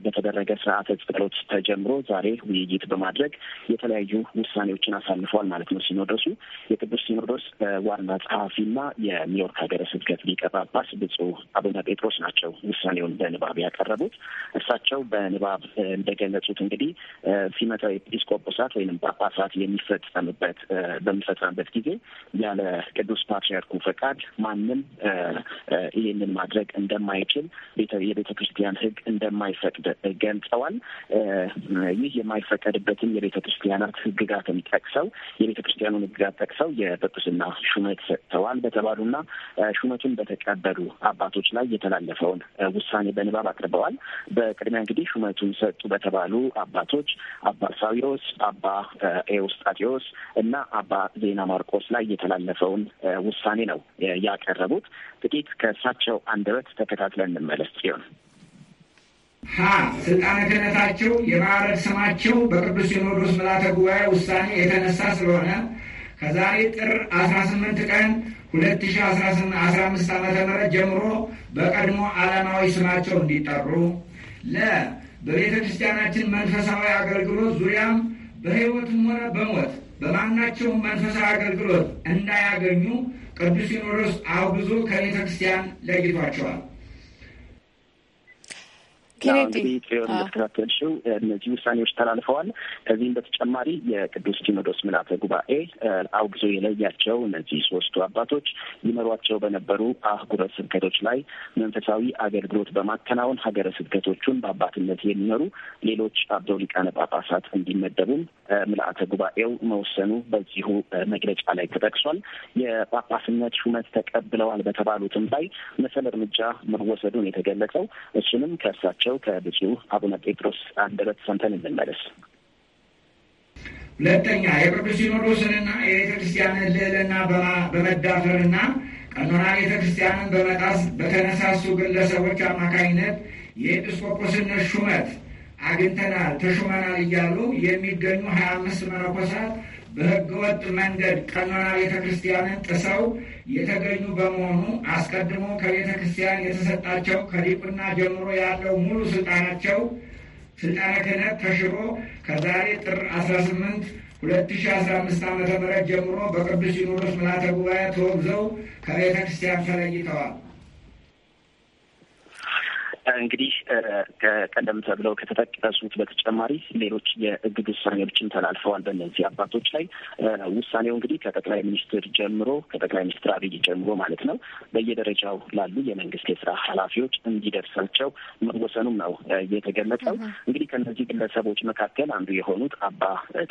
በተደረገ ስርዓተ ጸሎት ተጀምሮ ዛሬ ውይይት በማድረግ የተለያዩ ውሳኔዎችን አሳልፏል ማለት ነው ሲኖዶሱ። የቅዱስ ሲኖዶስ ዋና ጸሐፊና የኒውዮርክ ሀገረ ስብከት ሊቀ ጳጳስ ብፁዕ አቡነ ጴጥሮስ ናቸው ውሳኔውን በንባብ ያቀረቡት። እሳቸው በንባብ እንደገለጹት እንግዲህ ሲመታዊ ኤጲስቆጶሳት ወይም ጳጳሳት የሚፈጸምበት በሚፈጸምበት ጊዜ ያለ ቅዱስ ፓትሪያርኩ ፈቃድ ማንም ይህንን ማድረግ እንደ እንደማይችል የቤተ ክርስቲያን ሕግ እንደማይፈቅድ ገልጸዋል። ይህ የማይፈቀድበትን የቤተ ክርስቲያናት ሕግጋትን ጠቅሰው የቤተ ክርስቲያኑን ሕግጋት ጠቅሰው የጵጵስና ሹመት ሰጥተዋል በተባሉና ሹመቱን በተቀበሉ አባቶች ላይ የተላለፈውን ውሳኔ በንባብ አቅርበዋል። በቅድሚያ እንግዲህ ሹመቱን ሰጡ በተባሉ አባቶች አባ ሳዊሮስ፣ አባ ኤውስጣቴዎስ እና አባ ዜና ማርቆስ ላይ የተላለፈውን ውሳኔ ነው ያቀረቡት። ጥቂት ከእሳቸው አንደበት ተከታትለን እንመለስ ሲሆን ሀ ስልጣነ ክህነታቸው የማዕረግ ስማቸው በቅዱስ ሲኖዶስ ምልዓተ ጉባኤ ውሳኔ የተነሳ ስለሆነ ከዛሬ ጥር 18 ቀን 2015 ዓ ም ጀምሮ በቀድሞ ዓላማዊ ስማቸው እንዲጠሩ ለ በቤተ ክርስቲያናችን መንፈሳዊ አገልግሎት ዙሪያም በሕይወትም ሆነ በሞት በማናቸውም መንፈሳዊ አገልግሎት እንዳያገኙ ቅዱስ ሲኖዶስ አውግዞ ከቤተ ክርስቲያን ለይቷቸዋል። እንግዲህ ፍሬውን እነዚህ ውሳኔዎች ተላልፈዋል። ከዚህም በተጨማሪ የቅዱስ ሲኖዶስ ምልዓተ ጉባኤ አውግዞ የለያቸው እነዚህ ሶስቱ አባቶች ይመሯቸው በነበሩ አህጉረ ስብከቶች ላይ መንፈሳዊ አገልግሎት በማከናወን ሀገረ ስብከቶቹን በአባትነት የሚመሩ ሌሎች አበው ሊቃነ ጳጳሳት እንዲመደቡም ምልዓተ ጉባኤው መወሰኑ በዚሁ መግለጫ ላይ ተጠቅሷል። የጳጳስነት ሹመት ተቀብለዋል በተባሉትም ላይ መሰል እርምጃ መወሰዱን የተገለጸው እሱንም ከእሳቸው ከሳቸው ከብፁዕ አቡነ ጴጥሮስ አንደበት ሰምተን እንመለስ። ሁለተኛ የቅዱስ ሲኖዶስንና የቤተ ክርስቲያንን ልዕልና በመዳፈርና ቀኖና ቤተ ክርስቲያንን በመጣስ በተነሳሱ ግለሰቦች አማካኝነት የኤጲስቆጶስነት ሹመት አግኝተናል ተሹመናል እያሉ የሚገኙ ሀያ አምስት መነኮሳት በህገወጥ መንገድ ቀኖና ቤተ ክርስቲያንን ጥሰው የተገኙ በመሆኑ አስቀድሞ ከቤተ ክርስቲያን የተሰጣቸው ከዲቁና ጀምሮ ያለው ሙሉ ስልጣናቸው ስልጣነ ክህነት ተሽሮ ከዛሬ ጥር 18 2015 ዓ ም ጀምሮ በቅዱስ ሲኖዶስ ምልዓተ ጉባኤ ተወግዘው ከቤተ ክርስቲያን ተለይተዋል። እንግዲህ ቀደም ተብለው ከተጠቀሱት በተጨማሪ ሌሎች የህግ ውሳኔዎችን ተላልፈዋል በእነዚህ አባቶች ላይ። ውሳኔው እንግዲህ ከጠቅላይ ሚኒስትር ጀምሮ ከጠቅላይ ሚኒስትር አብይ ጀምሮ ማለት ነው በየደረጃው ላሉ የመንግስት የስራ ኃላፊዎች እንዲደርሳቸው መወሰኑም ነው የተገለጸው። እንግዲህ ከእነዚህ ግለሰቦች መካከል አንዱ የሆኑት አባ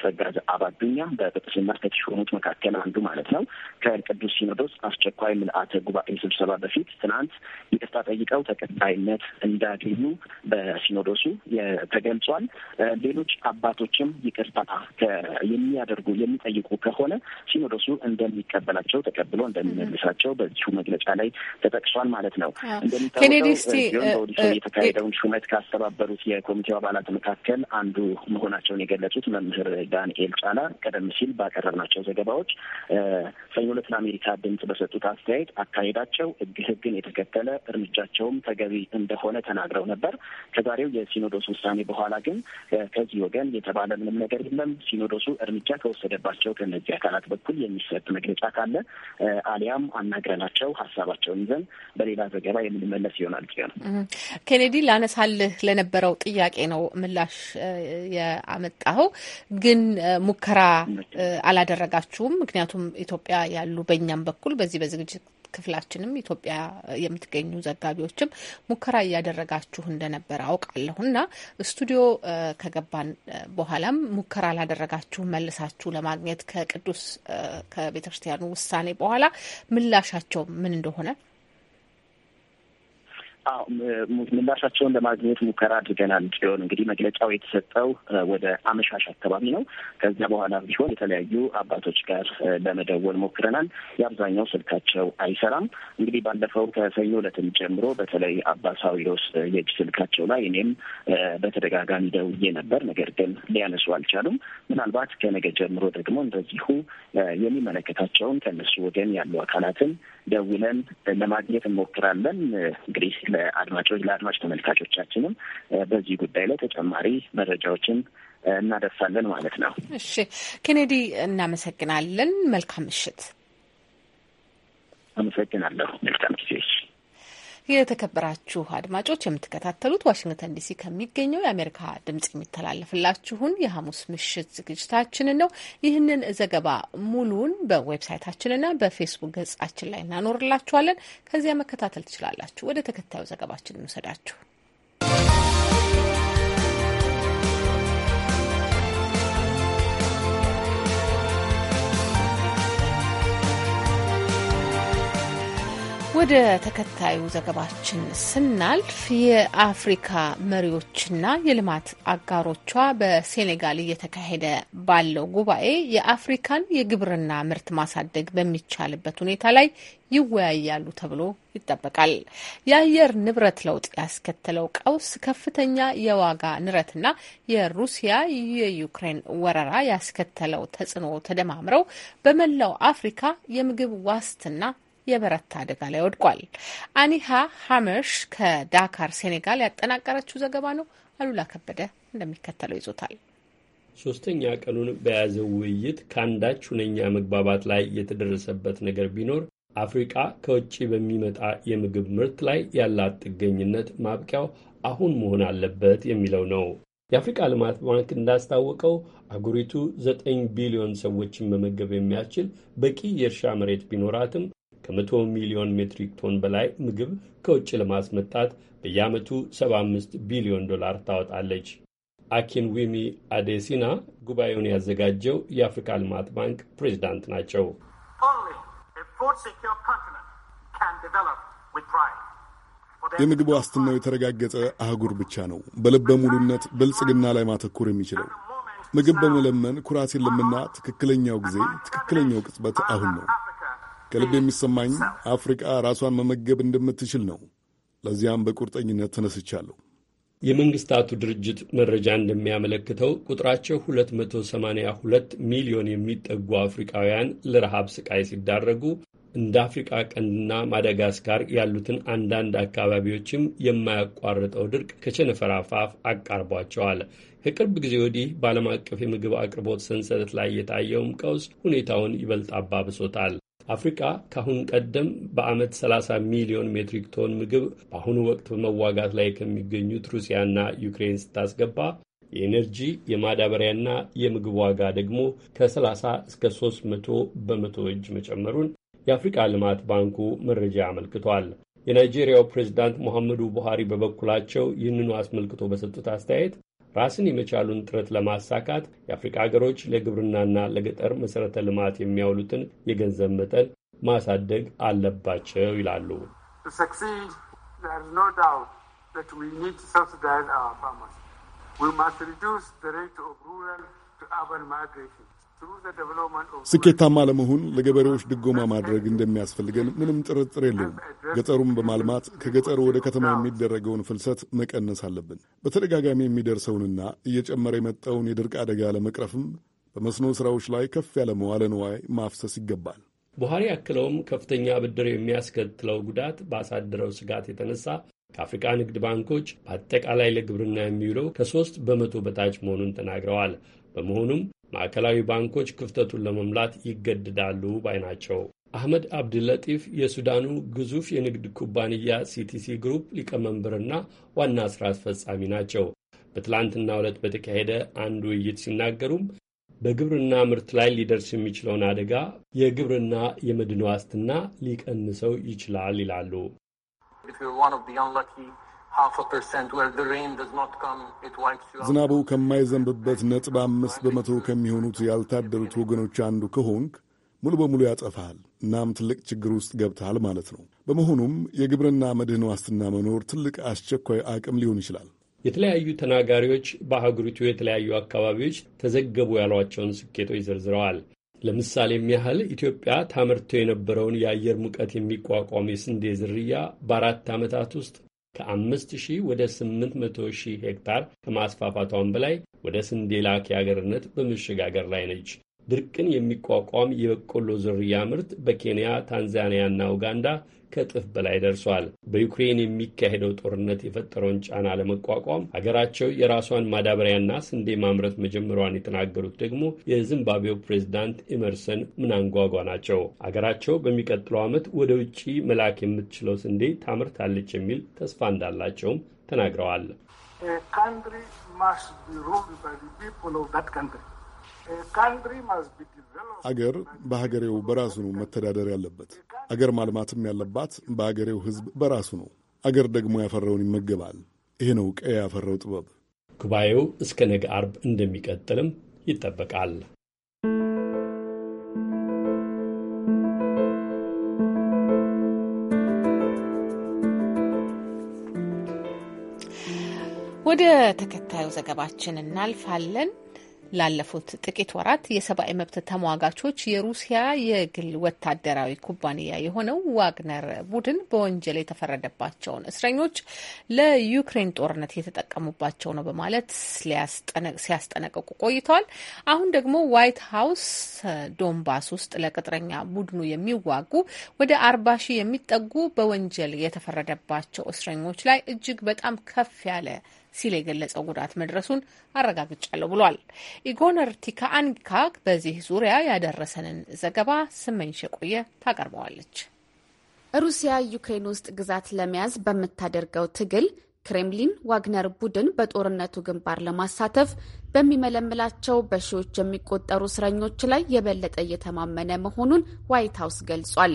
ተጋዝ አባዱኛ በጵጵስና ከተሾሙት መካከል አንዱ ማለት ነው ከቅዱስ ሲኖዶስ አስቸኳይ ምልአተ ጉባኤ ስብሰባ በፊት ትናንት ይቅርታ ጠይቀው ተቀባይነት እንዳገኙ በሲኖዶሱ ተገልጿል። ሌሎች አባቶችም ይቅርታ የሚያደርጉ የሚጠይቁ ከሆነ ሲኖዶሱ እንደሚቀበላቸው ተቀብሎ እንደሚመልሳቸው በዚሁ መግለጫ ላይ ተጠቅሷል ማለት ነው። እንደሚታወቀው በኦዲሶ የተካሄደውን ሹመት ካስተባበሩት የኮሚቴው አባላት መካከል አንዱ መሆናቸውን የገለጹት መምህር ዳንኤል ጫላ ቀደም ሲል ባቀረብናቸው ዘገባዎች ሰኞ ዕለት ለአሜሪካ ድምጽ በሰጡት አስተያየት አካሄዳቸው ሕግ ሕግን የተከተለ እርምጃቸውም ተገቢ እንደሆነ እንደሆነ ተናግረው ነበር። ከዛሬው የሲኖዶስ ውሳኔ በኋላ ግን ከዚህ ወገን የተባለ ምንም ነገር የለም። ሲኖዶሱ እርምጃ ከወሰደባቸው ከእነዚህ አካላት በኩል የሚሰጥ መግለጫ ካለ አሊያም አናግረናቸው ሀሳባቸውን ይዘን በሌላ ዘገባ የምንመለስ ይሆናል። ሲሆን ኬኔዲ ላነሳልህ ለነበረው ጥያቄ ነው ምላሽ የአመጣኸው። ግን ሙከራ አላደረጋችሁም? ምክንያቱም ኢትዮጵያ ያሉ በእኛም በኩል በዚህ በዝግጅት ክፍላችንም ኢትዮጵያ የምትገኙ ዘጋቢዎችም ሙከራ እያደረጋችሁ እንደነበረ አውቃለሁ እና ስቱዲዮ ከገባን በኋላም ሙከራ ላደረጋችሁ መልሳችሁ ለማግኘት ከቅዱስ ከቤተክርስቲያኑ ውሳኔ በኋላ ምላሻቸው ምን እንደሆነ ምላሻቸውን ለማግኘት ሙከራ አድርገናል። ሲሆን እንግዲህ መግለጫው የተሰጠው ወደ አመሻሽ አካባቢ ነው። ከዚያ በኋላ ቢሆን የተለያዩ አባቶች ጋር ለመደወል ሞክረናል። የአብዛኛው ስልካቸው አይሰራም። እንግዲህ ባለፈው ከሰኞ ዕለትም ጀምሮ በተለይ አባ ሳዊሮስ የእጅ ስልካቸው ላይ እኔም በተደጋጋሚ ደውዬ ነበር፣ ነገር ግን ሊያነሱ አልቻሉም። ምናልባት ከነገ ጀምሮ ደግሞ እንደዚሁ የሚመለከታቸውን ከእነሱ ወገን ያሉ አካላትን ደውለን ለማግኘት እንሞክራለን። እንግዲህ ለአድማጮች ለአድማጭ ተመልካቾቻችንም በዚህ ጉዳይ ላይ ተጨማሪ መረጃዎችን እናደርሳለን ማለት ነው። እሺ ኬኔዲ፣ እናመሰግናለን። መልካም ምሽት። አመሰግናለሁ። መልካም ጊዜ የተከበራችሁ አድማጮች የምትከታተሉት ዋሽንግተን ዲሲ ከሚገኘው የአሜሪካ ድምጽ የሚተላለፍላችሁን የሐሙስ ምሽት ዝግጅታችንን ነው። ይህንን ዘገባ ሙሉውን በዌብሳይታችንና በፌስቡክ ገጻችን ላይ እናኖርላችኋለን። ከዚያ መከታተል ትችላላችሁ። ወደ ተከታዩ ዘገባችን እንውሰዳችሁ። ወደ ተከታዩ ዘገባችን ስናልፍ የአፍሪካ መሪዎችና የልማት አጋሮቿ በሴኔጋል እየተካሄደ ባለው ጉባኤ የአፍሪካን የግብርና ምርት ማሳደግ በሚቻልበት ሁኔታ ላይ ይወያያሉ ተብሎ ይጠበቃል። የአየር ንብረት ለውጥ ያስከተለው ቀውስ፣ ከፍተኛ የዋጋ ንረትና የሩሲያ የዩክሬን ወረራ ያስከተለው ተጽዕኖ ተደማምረው በመላው አፍሪካ የምግብ ዋስትና የበረታ አደጋ ላይ ወድቋል። አኒሃ ሀመሽ ከዳካር ሴኔጋል ያጠናቀረችው ዘገባ ነው። አሉላ ከበደ እንደሚከተለው ይዞታል። ሶስተኛ ቀኑን በያዘው ውይይት ከአንዳች ሁነኛ መግባባት ላይ የተደረሰበት ነገር ቢኖር አፍሪቃ ከውጭ በሚመጣ የምግብ ምርት ላይ ያላት ጥገኝነት ማብቂያው አሁን መሆን አለበት የሚለው ነው። የአፍሪቃ ልማት ባንክ እንዳስታወቀው አህጉሪቱ ዘጠኝ ቢሊዮን ሰዎችን መመገብ የሚያስችል በቂ የእርሻ መሬት ቢኖራትም ከመቶ ሚሊዮን ሜትሪክ ቶን በላይ ምግብ ከውጭ ለማስመጣት በየዓመቱ 75 ቢሊዮን ዶላር ታወጣለች። አኪን ዊሚ አዴሲና ጉባኤውን ያዘጋጀው የአፍሪካ ልማት ባንክ ፕሬዚዳንት ናቸው። የምግብ ዋስትናው የተረጋገጠ አህጉር ብቻ ነው በልበ ሙሉነት ብልጽግና ላይ ማተኮር የሚችለው። ምግብ በመለመን ኩራት የለምና ትክክለኛው ጊዜ፣ ትክክለኛው ቅጽበት አሁን ነው። ከልብ የሚሰማኝ አፍሪቃ ራሷን መመገብ እንደምትችል ነው። ለዚያም በቁርጠኝነት ተነስቻለሁ። የመንግስታቱ ድርጅት መረጃ እንደሚያመለክተው ቁጥራቸው 282 ሚሊዮን የሚጠጉ አፍሪካውያን ለረሃብ ስቃይ ሲዳረጉ እንደ አፍሪቃ ቀንድና ማዳጋስካር ያሉትን አንዳንድ አካባቢዎችም የማያቋርጠው ድርቅ ከቸነፈር አፋፍ አቃርቧቸዋል። ከቅርብ ጊዜ ወዲህ በዓለም አቀፍ የምግብ አቅርቦት ሰንሰለት ላይ የታየውም ቀውስ ሁኔታውን ይበልጥ አባብሶታል። አፍሪቃ ከአሁን ቀደም በዓመት 30 ሚሊዮን ሜትሪክ ቶን ምግብ በአሁኑ ወቅት በመዋጋት ላይ ከሚገኙት ሩሲያና ዩክሬን ስታስገባ የኤነርጂ የማዳበሪያና የምግብ ዋጋ ደግሞ ከ30 እስከ 300 በመቶ እጅ መጨመሩን የአፍሪቃ ልማት ባንኩ መረጃ አመልክቷል። የናይጄሪያው ፕሬዚዳንት ሙሐመዱ ቡሃሪ በበኩላቸው ይህንኑ አስመልክቶ በሰጡት አስተያየት ራስን የመቻሉን ጥረት ለማሳካት የአፍሪካ ሀገሮች ለግብርናና ለገጠር መሠረተ ልማት የሚያውሉትን የገንዘብ መጠን ማሳደግ አለባቸው ይላሉ። We must reduce the rate ስኬታማ ለመሆን ለገበሬዎች ድጎማ ማድረግ እንደሚያስፈልገን ምንም ጥርጥር የለውም። ገጠሩን በማልማት ከገጠሩ ወደ ከተማ የሚደረገውን ፍልሰት መቀነስ አለብን። በተደጋጋሚ የሚደርሰውንና እየጨመረ የመጣውን የድርቅ አደጋ ለመቅረፍም በመስኖ ስራዎች ላይ ከፍ ያለ መዋለ ንዋይ ማፍሰስ ይገባል። ቡሃሪ አክለውም ከፍተኛ ብድር የሚያስከትለው ጉዳት ባሳደረው ስጋት የተነሳ ከአፍሪቃ ንግድ ባንኮች በአጠቃላይ ለግብርና የሚውለው ከሶስት በመቶ በታች መሆኑን ተናግረዋል። በመሆኑም ማዕከላዊ ባንኮች ክፍተቱን ለመምላት ይገድዳሉ ባይ ናቸው። አህመድ አብድለጢፍ የሱዳኑ ግዙፍ የንግድ ኩባንያ ሲቲሲ ግሩፕ ሊቀመንበርና ዋና ሥራ አስፈጻሚ ናቸው። በትላንትና ዕለት በተካሄደ አንድ ውይይት ሲናገሩም በግብርና ምርት ላይ ሊደርስ የሚችለውን አደጋ የግብርና የመድን ዋስትና ሊቀንሰው ይችላል ይላሉ። ዝናቡ ከማይዘንብበት ነጥብ አምስት በመቶ ከሚሆኑት ያልታደሉት ወገኖች አንዱ ከሆንክ ሙሉ በሙሉ ያጠፋሃል። እናም ትልቅ ችግር ውስጥ ገብተሃል ማለት ነው። በመሆኑም የግብርና መድህን ዋስትና መኖር ትልቅ አስቸኳይ አቅም ሊሆን ይችላል። የተለያዩ ተናጋሪዎች በአህጉሪቱ የተለያዩ አካባቢዎች ተዘገቡ ያሏቸውን ስኬቶች ዘርዝረዋል። ለምሳሌም ያህል ኢትዮጵያ ታመርቶ የነበረውን የአየር ሙቀት የሚቋቋም የስንዴ ዝርያ በአራት ዓመታት ውስጥ ከአምስት ሺህ ወደ ስምንት መቶ ሺህ ሄክታር ከማስፋፋቷም በላይ ወደ ስንዴ ላኪ አገርነት በመሸጋገር ላይ ነች። ድርቅን የሚቋቋም የበቆሎ ዝርያ ምርት በኬንያ ታንዛኒያና ኡጋንዳ ከእጥፍ በላይ ደርሷል። በዩክሬን የሚካሄደው ጦርነት የፈጠረውን ጫና ለመቋቋም ሀገራቸው የራሷን ማዳበሪያና ስንዴ ማምረት መጀመሯን የተናገሩት ደግሞ የዚምባብዌው ፕሬዚዳንት ኢመርሰን ምናንጓጓ ናቸው። ሀገራቸው በሚቀጥለው ዓመት ወደ ውጭ መላክ የምትችለው ስንዴ ታምርታለች የሚል ተስፋ እንዳላቸውም ተናግረዋል። አገር በሀገሬው በራሱ ነው መተዳደር ያለበት። አገር ማልማትም ያለባት በሀገሬው ሕዝብ በራሱ ነው። አገር ደግሞ ያፈራውን ይመገባል። ይሄ ነው ቀይ ያፈራው ጥበብ። ጉባኤው እስከ ነገ አርብ እንደሚቀጥልም ይጠበቃል። ወደ ተከታዩ ዘገባችን እናልፋለን። ላለፉት ጥቂት ወራት የሰብአዊ መብት ተሟጋቾች የሩሲያ የግል ወታደራዊ ኩባንያ የሆነው ዋግነር ቡድን በወንጀል የተፈረደባቸውን እስረኞች ለዩክሬን ጦርነት የተጠቀሙባቸው ነው በማለት ሲያስጠነቅቁ ቆይተዋል። አሁን ደግሞ ዋይት ሀውስ ዶንባስ ውስጥ ለቅጥረኛ ቡድኑ የሚዋጉ ወደ አርባ ሺህ የሚጠጉ በወንጀል የተፈረደባቸው እስረኞች ላይ እጅግ በጣም ከፍ ያለ ሲል የገለጸው ጉዳት መድረሱን አረጋግጫለሁ ብሏል። ኢጎነር ቲካአንካ በዚህ ዙሪያ ያደረሰንን ዘገባ ስመኝሽ የቆየ ታቀርበዋለች። ሩሲያ ዩክሬን ውስጥ ግዛት ለመያዝ በምታደርገው ትግል ክሬምሊን ዋግነር ቡድን በጦርነቱ ግንባር ለማሳተፍ በሚመለምላቸው በሺዎች የሚቆጠሩ እስረኞች ላይ የበለጠ እየተማመነ መሆኑን ዋይት ሀውስ ገልጿል።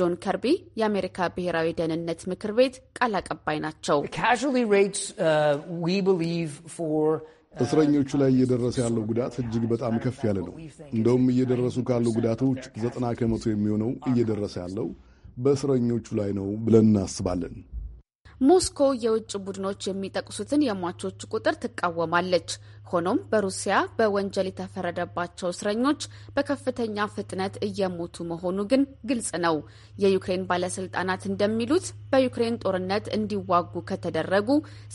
ጆን ከርቢ የአሜሪካ ብሔራዊ ደህንነት ምክር ቤት ቃል አቀባይ ናቸው። uh, uh, እስረኞቹ ላይ እየደረሰ ያለው ጉዳት እጅግ በጣም ከፍ ያለ ነው። እንደውም እየደረሱ ካሉ ጉዳቶች ዘጠና ከመቶ የሚሆነው እየደረሰ ያለው በእስረኞቹ ላይ ነው ብለን እናስባለን። ሞስኮ የውጭ ቡድኖች የሚጠቅሱትን የሟቾች ቁጥር ትቃወማለች። ሆኖም በሩሲያ በወንጀል የተፈረደባቸው እስረኞች በከፍተኛ ፍጥነት እየሞቱ መሆኑ ግን ግልጽ ነው። የዩክሬን ባለስልጣናት እንደሚሉት በዩክሬን ጦርነት እንዲዋጉ ከተደረጉ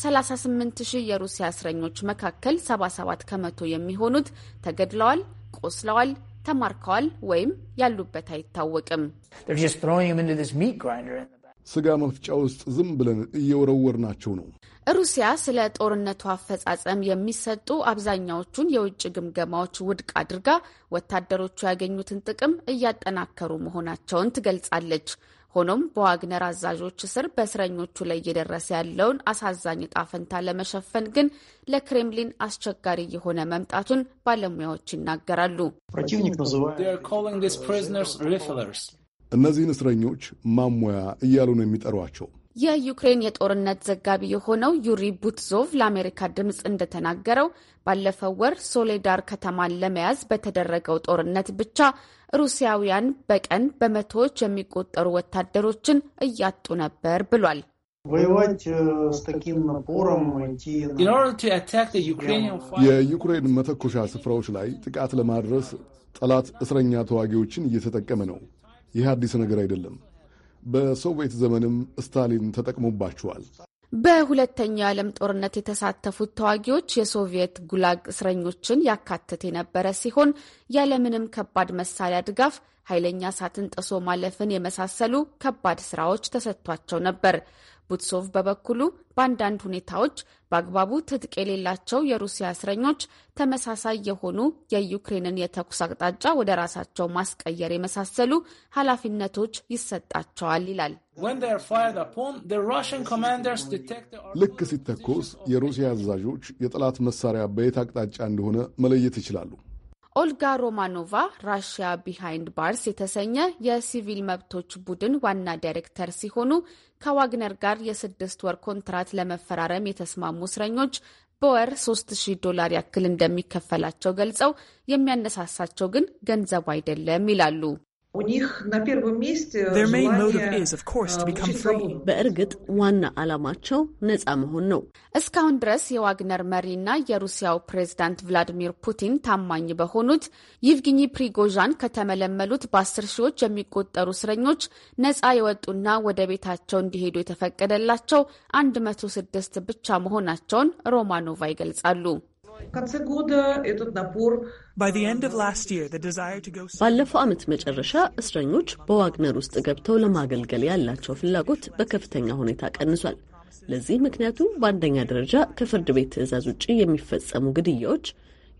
38000 የሩሲያ እስረኞች መካከል 77 ከመቶ የሚሆኑት ተገድለዋል፣ ቆስለዋል፣ ተማርከዋል ወይም ያሉበት አይታወቅም። ስጋ መፍጫ ውስጥ ዝም ብለን እየወረወርናቸው ነው። ሩሲያ ስለ ጦርነቱ አፈጻጸም የሚሰጡ አብዛኛዎቹን የውጭ ግምገማዎች ውድቅ አድርጋ ወታደሮቹ ያገኙትን ጥቅም እያጠናከሩ መሆናቸውን ትገልጻለች። ሆኖም በዋግነር አዛዦች ስር በእስረኞቹ ላይ እየደረሰ ያለውን አሳዛኝ ዕጣ ፈንታ ለመሸፈን ግን ለክሬምሊን አስቸጋሪ የሆነ መምጣቱን ባለሙያዎች ይናገራሉ። እነዚህን እስረኞች ማሞያ እያሉ ነው የሚጠሯቸው። የዩክሬን የጦርነት ዘጋቢ የሆነው ዩሪ ቡትዞቭ ለአሜሪካ ድምፅ እንደተናገረው ባለፈው ወር ሶሌዳር ከተማን ለመያዝ በተደረገው ጦርነት ብቻ ሩሲያውያን በቀን በመቶዎች የሚቆጠሩ ወታደሮችን እያጡ ነበር ብሏል። э, የዩክሬን መተኮሻ ስፍራዎች ላይ ጥቃት ለማድረስ ጠላት እስረኛ ተዋጊዎችን እየተጠቀመ ነው። ይህ አዲስ ነገር አይደለም። በሶቪየት ዘመንም ስታሊን ተጠቅሞባቸዋል። በሁለተኛው የዓለም ጦርነት የተሳተፉት ተዋጊዎች የሶቪየት ጉላግ እስረኞችን ያካትት የነበረ ሲሆን ያለምንም ከባድ መሳሪያ ድጋፍ ኃይለኛ እሳትን ጥሶ ማለፍን የመሳሰሉ ከባድ ስራዎች ተሰጥቷቸው ነበር። ቡትሶቭ በበኩሉ በአንዳንድ ሁኔታዎች በአግባቡ ትጥቅ የሌላቸው የሩሲያ እስረኞች ተመሳሳይ የሆኑ የዩክሬንን የተኩስ አቅጣጫ ወደ ራሳቸው ማስቀየር የመሳሰሉ ኃላፊነቶች ይሰጣቸዋል ይላል። ልክ ሲተኮስ የሩሲያ አዛዦች የጠላት መሳሪያ በየት አቅጣጫ እንደሆነ መለየት ይችላሉ። ኦልጋ ሮማኖቫ ራሽያ ቢሃይንድ ባርስ የተሰኘ የሲቪል መብቶች ቡድን ዋና ዳይሬክተር ሲሆኑ ከዋግነር ጋር የስድስት ወር ኮንትራት ለመፈራረም የተስማሙ እስረኞች በወር 3000 ዶላር ያክል እንደሚከፈላቸው ገልጸው የሚያነሳሳቸው ግን ገንዘቡ አይደለም ይላሉ። በእርግጥ ዋና ዓላማቸው ነፃ መሆን ነው። እስካሁን ድረስ የዋግነር መሪና የሩሲያው ፕሬዝዳንት ቭላዲሚር ፑቲን ታማኝ በሆኑት ይቭጊኒ ፕሪጎዣን ከተመለመሉት በአስር ሺዎች የሚቆጠሩ እስረኞች ነፃ የወጡና ወደ ቤታቸው እንዲሄዱ የተፈቀደላቸው 106 ብቻ መሆናቸውን ሮማኖቫ ይገልጻሉ። ባለፈው ዓመት መጨረሻ እስረኞች በዋግነር ውስጥ ገብተው ለማገልገል ያላቸው ፍላጎት በከፍተኛ ሁኔታ ቀንሷል። ለዚህ ምክንያቱ በአንደኛ ደረጃ ከፍርድ ቤት ትዕዛዝ ውጭ የሚፈጸሙ ግድያዎች፣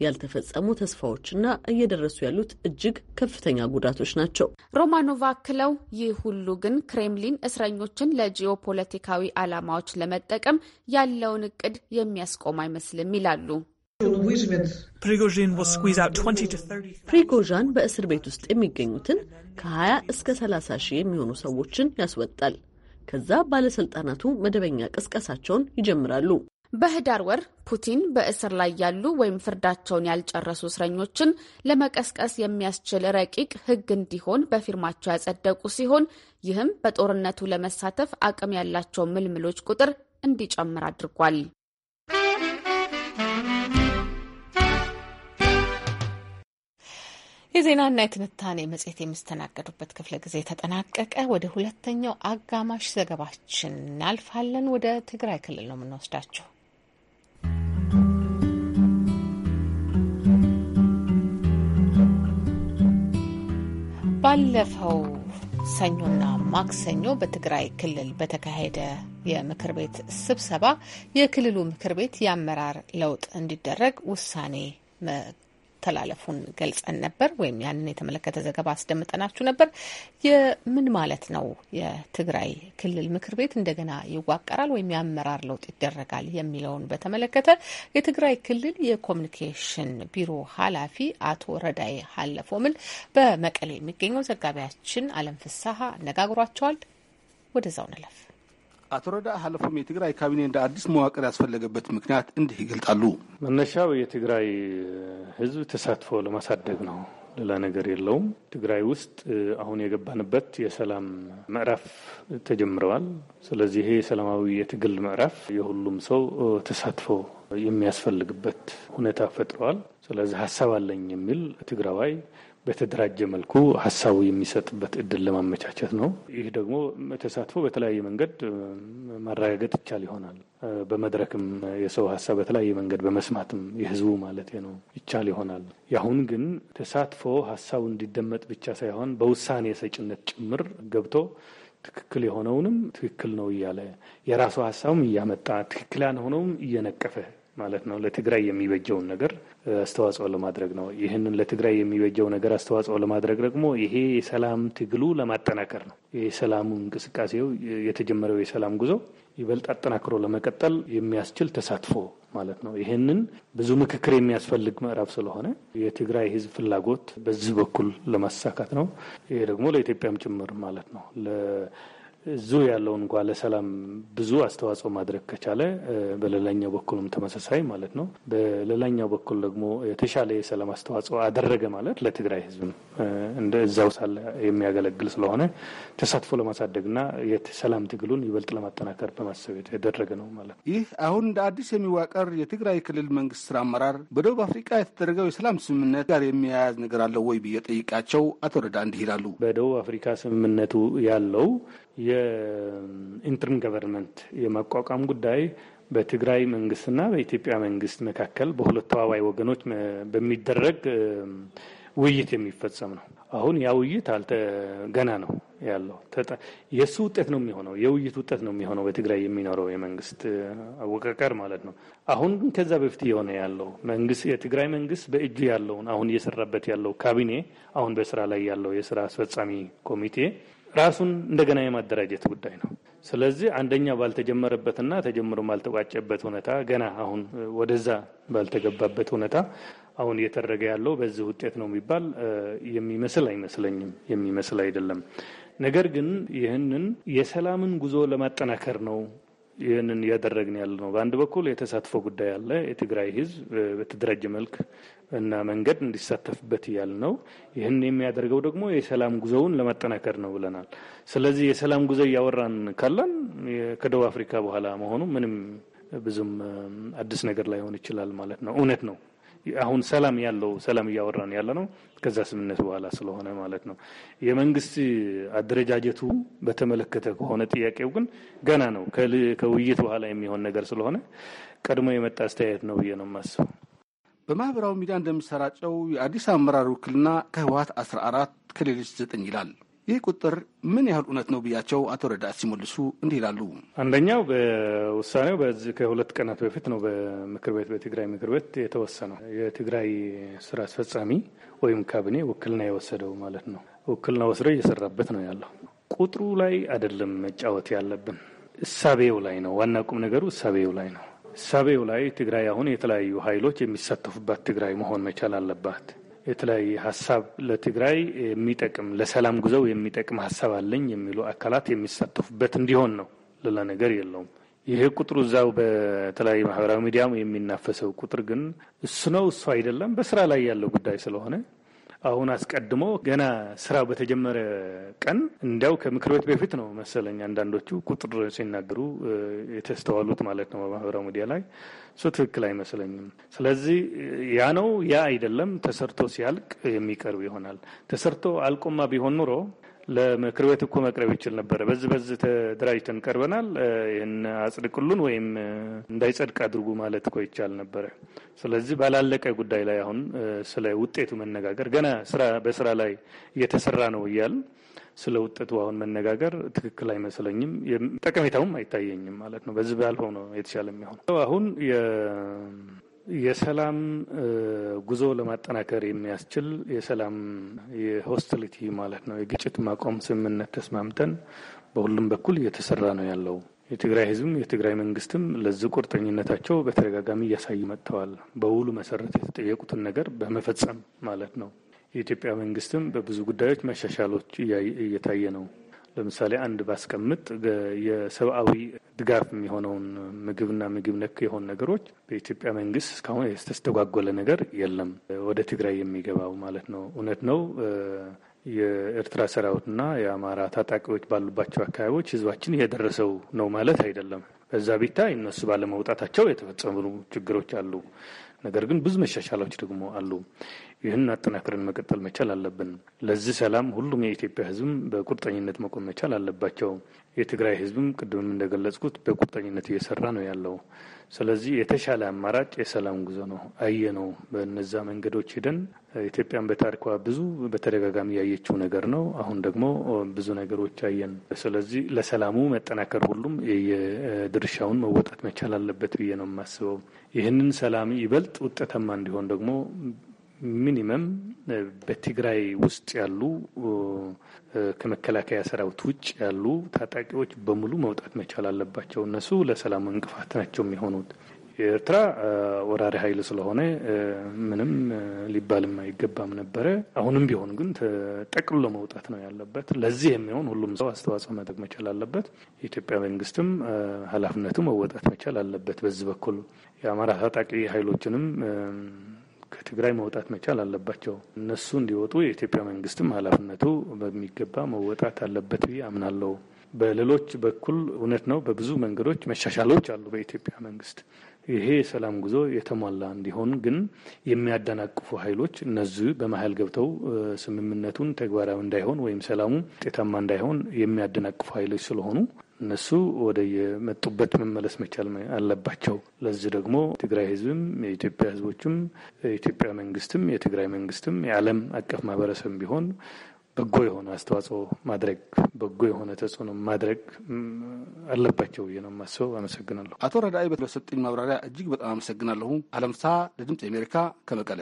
ያልተፈጸሙ ተስፋዎችና እየደረሱ ያሉት እጅግ ከፍተኛ ጉዳቶች ናቸው። ሮማኖቫ አክለው ይህ ሁሉ ግን ክሬምሊን እስረኞችን ለጂኦፖለቲካዊ ዓላማዎች ለመጠቀም ያለውን እቅድ የሚያስቆም አይመስልም ይላሉ። ፕሪጎዣን በእስር ቤት ውስጥ የሚገኙትን ከ20 እስከ 30 ሺህ የሚሆኑ ሰዎችን ያስወጣል። ከዛ ባለሥልጣናቱ መደበኛ ቅስቀሳቸውን ይጀምራሉ። በህዳር ወር ፑቲን በእስር ላይ ያሉ ወይም ፍርዳቸውን ያልጨረሱ እስረኞችን ለመቀስቀስ የሚያስችል ረቂቅ ሕግ እንዲሆን በፊርማቸው ያጸደቁ ሲሆን ይህም በጦርነቱ ለመሳተፍ አቅም ያላቸው ምልምሎች ቁጥር እንዲጨምር አድርጓል። የዜናና የትንታኔ መጽሔት የሚስተናገዱበት ክፍለ ጊዜ ተጠናቀቀ። ወደ ሁለተኛው አጋማሽ ዘገባችን እናልፋለን። ወደ ትግራይ ክልል ነው የምንወስዳቸው። ባለፈው ሰኞና ማክሰኞ በትግራይ ክልል በተካሄደ የምክር ቤት ስብሰባ የክልሉ ምክር ቤት የአመራር ለውጥ እንዲደረግ ውሳኔ መተላለፉን ገልጸን ነበር፣ ወይም ያንን የተመለከተ ዘገባ አስደምጠናችሁ ነበር። የምን ማለት ነው የትግራይ ክልል ምክር ቤት እንደገና ይዋቀራል ወይም የአመራር ለውጥ ይደረጋል የሚለውን በተመለከተ የትግራይ ክልል የኮሚኒኬሽን ቢሮ ኃላፊ አቶ ረዳይ ሀለፎምን በመቀሌ የሚገኘው ዘጋቢያችን አለም ፍሳሀ አነጋግሯቸዋል። ወደዛው ንለፍ። አቶ ረዳ ሀለፎም የትግራይ ካቢኔ እንደ አዲስ መዋቅር ያስፈለገበት ምክንያት እንዲህ ይገልጣሉ። መነሻው የትግራይ ህዝብ ተሳትፎ ለማሳደግ ነው። ሌላ ነገር የለውም። ትግራይ ውስጥ አሁን የገባንበት የሰላም ምዕራፍ ተጀምረዋል። ስለዚህ ይሄ የሰላማዊ የትግል ምዕራፍ የሁሉም ሰው ተሳትፎ የሚያስፈልግበት ሁኔታ ፈጥረዋል። ስለዚህ ሀሳብ አለኝ የሚል ትግራዋይ በተደራጀ መልኩ ሀሳቡ የሚሰጥበት እድል ለማመቻቸት ነው። ይህ ደግሞ ተሳትፎ በተለያየ መንገድ ማረጋገጥ ይቻል ይሆናል። በመድረክም የሰው ሀሳብ በተለያየ መንገድ በመስማትም የህዝቡ ማለት ነው ይቻል ይሆናል። ያሁን ግን ተሳትፎ ሀሳቡ እንዲደመጥ ብቻ ሳይሆን በውሳኔ ሰጭነት ጭምር ገብቶ ትክክል የሆነውንም ትክክል ነው እያለ የራሱ ሀሳብም እያመጣ ትክክል ያልሆነውም እየነቀፈ ማለት ነው። ለትግራይ የሚበጀውን ነገር አስተዋጽኦ ለማድረግ ነው። ይህንን ለትግራይ የሚበጀው ነገር አስተዋጽኦ ለማድረግ ደግሞ ይሄ የሰላም ትግሉ ለማጠናከር ነው። የሰላሙ እንቅስቃሴው የተጀመረው የሰላም ጉዞ ይበልጥ አጠናክሮ ለመቀጠል የሚያስችል ተሳትፎ ማለት ነው። ይህንን ብዙ ምክክር የሚያስፈልግ ምዕራፍ ስለሆነ የትግራይ ሕዝብ ፍላጎት በዚህ በኩል ለማሳካት ነው። ይሄ ደግሞ ለኢትዮጵያም ጭምር ማለት ነው እዙ ያለውን እንኳ ለሰላም ብዙ አስተዋጽኦ ማድረግ ከቻለ በሌላኛው በኩልም ተመሳሳይ ማለት ነው። በሌላኛው በኩል ደግሞ የተሻለ የሰላም አስተዋጽኦ አደረገ ማለት ለትግራይ ሕዝብ እንደ እዛው ሳለ የሚያገለግል ስለሆነ ተሳትፎ ለማሳደግና የሰላም ትግሉን ይበልጥ ለማጠናከር በማሰብ የተደረገ ነው ማለት ነው። ይህ አሁን እንደ አዲስ የሚዋቀር የትግራይ ክልል መንግስት ስራ አመራር በደቡብ አፍሪካ የተደረገው የሰላም ስምምነት ጋር የሚያያዝ ነገር አለው ወይ ብዬ ጠይቃቸው አቶ ረዳ እንዲህ ይላሉ። በደቡብ አፍሪካ ስምምነቱ ያለው የኢንትርም ገቨርንመንት የማቋቋም ጉዳይ በትግራይ መንግስትና በኢትዮጵያ መንግስት መካከል በሁለት ተዋዋይ ወገኖች በሚደረግ ውይይት የሚፈጸም ነው። አሁን ያ ውይይት ገና ነው ያለው። የእሱ ውጤት ነው የሚሆነው፣ የውይይት ውጤት ነው የሚሆነው በትግራይ የሚኖረው የመንግስት አወቃቀር ማለት ነው። አሁን ግን ከዛ በፊት የሆነ ያለው መንግስት የትግራይ መንግስት በእጁ ያለውን አሁን እየሰራበት ያለው ካቢኔ አሁን በስራ ላይ ያለው የስራ አስፈጻሚ ኮሚቴ ራሱን እንደገና የማደራጀት ጉዳይ ነው። ስለዚህ አንደኛ ባልተጀመረበትና ተጀምሮ ባልተቋጨበት ሁኔታ ገና አሁን ወደዛ ባልተገባበት ሁኔታ አሁን እየተደረገ ያለው በዚህ ውጤት ነው የሚባል የሚመስል አይመስለኝም፣ የሚመስል አይደለም። ነገር ግን ይህንን የሰላምን ጉዞ ለማጠናከር ነው ይህንን እያደረግን ያለ ነው። በአንድ በኩል የተሳትፎ ጉዳይ አለ። የትግራይ ህዝብ በተደራጀ መልክ እና መንገድ እንዲሳተፍበት እያል ነው። ይህን የሚያደርገው ደግሞ የሰላም ጉዞውን ለማጠናከር ነው ብለናል። ስለዚህ የሰላም ጉዞ እያወራን ካለን ከደቡብ አፍሪካ በኋላ መሆኑ ምንም ብዙም አዲስ ነገር ላይሆን ይችላል ማለት ነው። እውነት ነው። አሁን ሰላም ያለው ሰላም እያወራን ያለ ነው ከዛ ስምምነት በኋላ ስለሆነ ማለት ነው። የመንግስት አደረጃጀቱ በተመለከተ ከሆነ ጥያቄው ግን ገና ነው፣ ከውይይት በኋላ የሚሆን ነገር ስለሆነ ቀድሞ የመጣ አስተያየት ነው ብዬ ነው የማስበው። በማህበራዊ ሚዲያ እንደሚሰራጨው የአዲስ አመራር ውክልና ከህወሀት 14 ከሌሎች 9 ይላል። ይህ ቁጥር ምን ያህል እውነት ነው ብያቸው አቶ ረዳት ሲመልሱ እንዲህ ይላሉ። አንደኛው በውሳኔው በዚህ ከሁለት ቀናት በፊት ነው በምክር ቤት በትግራይ ምክር ቤት የተወሰነው። የትግራይ ስራ አስፈጻሚ ወይም ካቢኔ ውክልና የወሰደው ማለት ነው። ውክልና ወስዶ እየሰራበት ነው ያለው። ቁጥሩ ላይ አይደለም መጫወት ያለብን፣ እሳቤው ላይ ነው። ዋና ቁም ነገሩ እሳቤው ላይ ነው። እሳቤው ላይ ትግራይ አሁን የተለያዩ ኃይሎች የሚሳተፉባት ትግራይ መሆን መቻል አለባት። የተለያየ ሀሳብ ለትግራይ የሚጠቅም ለሰላም ጉዞው የሚጠቅም ሀሳብ አለኝ የሚሉ አካላት የሚሳተፉበት እንዲሆን ነው። ሌላ ነገር የለውም። ይሄ ቁጥሩ እዛው በተለያዩ ማህበራዊ ሚዲያም የሚናፈሰው ቁጥር ግን እሱ ነው እሱ አይደለም፣ በስራ ላይ ያለው ጉዳይ ስለሆነ አሁን አስቀድሞ ገና ስራው በተጀመረ ቀን እንዲያው ከምክር ቤት በፊት ነው መሰለኝ አንዳንዶቹ ቁጥር ሲናገሩ የተስተዋሉት ማለት ነው በማህበራዊ ሚዲያ ላይ። እሱ ትክክል አይመስለኝም። ስለዚህ ያ ነው ያ አይደለም ተሰርቶ ሲያልቅ የሚቀርብ ይሆናል። ተሰርቶ አልቆማ ቢሆን ኑሮ ለምክር ቤት እኮ መቅረብ ይችል ነበረ። በዚህ በዚህ ተደራጅተን ቀርበናል፣ ይህን አጽድቅሉን ወይም እንዳይጸድቅ አድርጉ ማለት እኮ ይቻል ነበረ። ስለዚህ ባላለቀ ጉዳይ ላይ አሁን ስለ ውጤቱ መነጋገር ገና ስራ በስራ ላይ እየተሰራ ነው እያል ስለ ውጤቱ አሁን መነጋገር ትክክል አይመስለኝም፣ ጠቀሜታውም አይታየኝም ማለት ነው። በዚህ ነው የተሻለ የሚሆነው አሁን የሰላም ጉዞ ለማጠናከር የሚያስችል የሰላም የሆስቲሊቲ ማለት ነው የግጭት ማቆም ስምምነት ተስማምተን በሁሉም በኩል እየተሰራ ነው ያለው። የትግራይ ህዝብም የትግራይ መንግስትም ለዚህ ቁርጠኝነታቸው በተደጋጋሚ እያሳዩ መጥተዋል። በውሉ መሰረት የተጠየቁትን ነገር በመፈጸም ማለት ነው። የኢትዮጵያ መንግስትም በብዙ ጉዳዮች መሻሻሎች እየታየ ነው። ለምሳሌ አንድ ባስቀምጥ የሰብአዊ ድጋፍ የሚሆነውን ምግብና ምግብ ነክ የሆኑ ነገሮች በኢትዮጵያ መንግስት እስካሁን የተስተጓጎለ ነገር የለም። ወደ ትግራይ የሚገባው ማለት ነው። እውነት ነው። የኤርትራ ሰራዊትና የአማራ ታጣቂዎች ባሉባቸው አካባቢዎች ህዝባችን እየደረሰው ነው ማለት አይደለም። በዛ ቢታ እነሱ ባለመውጣታቸው የተፈጸሙ ችግሮች አሉ። ነገር ግን ብዙ መሻሻሎች ደግሞ አሉ። ይህን አጠናክረን መቀጠል መቻል አለብን። ለዚህ ሰላም ሁሉም የኢትዮጵያ ህዝብም በቁርጠኝነት መቆም መቻል አለባቸው። የትግራይ ህዝብም ቅድምም እንደገለጽኩት በቁርጠኝነት እየሰራ ነው ያለው። ስለዚህ የተሻለ አማራጭ የሰላም ጉዞ ነው። አየ ነው በነዛ መንገዶች ሄደን ኢትዮጵያን በታሪኳ ብዙ በተደጋጋሚ ያየችው ነገር ነው። አሁን ደግሞ ብዙ ነገሮች አየን። ስለዚህ ለሰላሙ መጠናከር ሁሉም የድርሻውን መወጣት መቻል አለበት ብዬ ነው የማስበው። ይህንን ሰላም ይበልጥ ውጤታማ እንዲሆን ደግሞ ሚኒመም በትግራይ ውስጥ ያሉ ከመከላከያ ሰራዊት ውጭ ያሉ ታጣቂዎች በሙሉ መውጣት መቻል አለባቸው። እነሱ ለሰላም እንቅፋት ናቸው የሚሆኑት። የኤርትራ ወራሪ ኃይል ስለሆነ ምንም ሊባልም አይገባም ነበረ። አሁንም ቢሆን ግን ጠቅሎ መውጣት ነው ያለበት። ለዚህ የሚሆን ሁሉም ሰው አስተዋጽኦ ማድረግ መቻል አለበት። የኢትዮጵያ መንግስትም ኃላፊነቱ መወጣት መቻል አለበት። በዚህ በኩል የአማራ ታጣቂ ኃይሎችንም ከትግራይ መውጣት መቻል አለባቸው። እነሱ እንዲወጡ የኢትዮጵያ መንግስትም ኃላፊነቱ በሚገባ መወጣት አለበት ብዬ አምናለሁ። በሌሎች በኩል እውነት ነው፣ በብዙ መንገዶች መሻሻሎች አሉ በኢትዮጵያ መንግስት። ይሄ የሰላም ጉዞ የተሟላ እንዲሆን ግን የሚያደናቅፉ ኃይሎች እነዚህ በመሀል ገብተው ስምምነቱን ተግባራዊ እንዳይሆን ወይም ሰላሙ ውጤታማ እንዳይሆን የሚያደናቅፉ ኃይሎች ስለሆኑ እነሱ ወደ የመጡበት መመለስ መቻል አለባቸው። ለዚህ ደግሞ ትግራይ ህዝብም የኢትዮጵያ ህዝቦችም የኢትዮጵያ መንግስትም የትግራይ መንግስትም የዓለም አቀፍ ማህበረሰብ ቢሆን በጎ የሆነ አስተዋጽኦ ማድረግ በጎ የሆነ ተጽዕኖ ማድረግ አለባቸው ብዬ ነው የማስበው። አመሰግናለሁ። አቶ ረዳይ በሰጠኝ ማብራሪያ እጅግ በጣም አመሰግናለሁ። አለምሳ ለድምፅ አሜሪካ ከመቀለ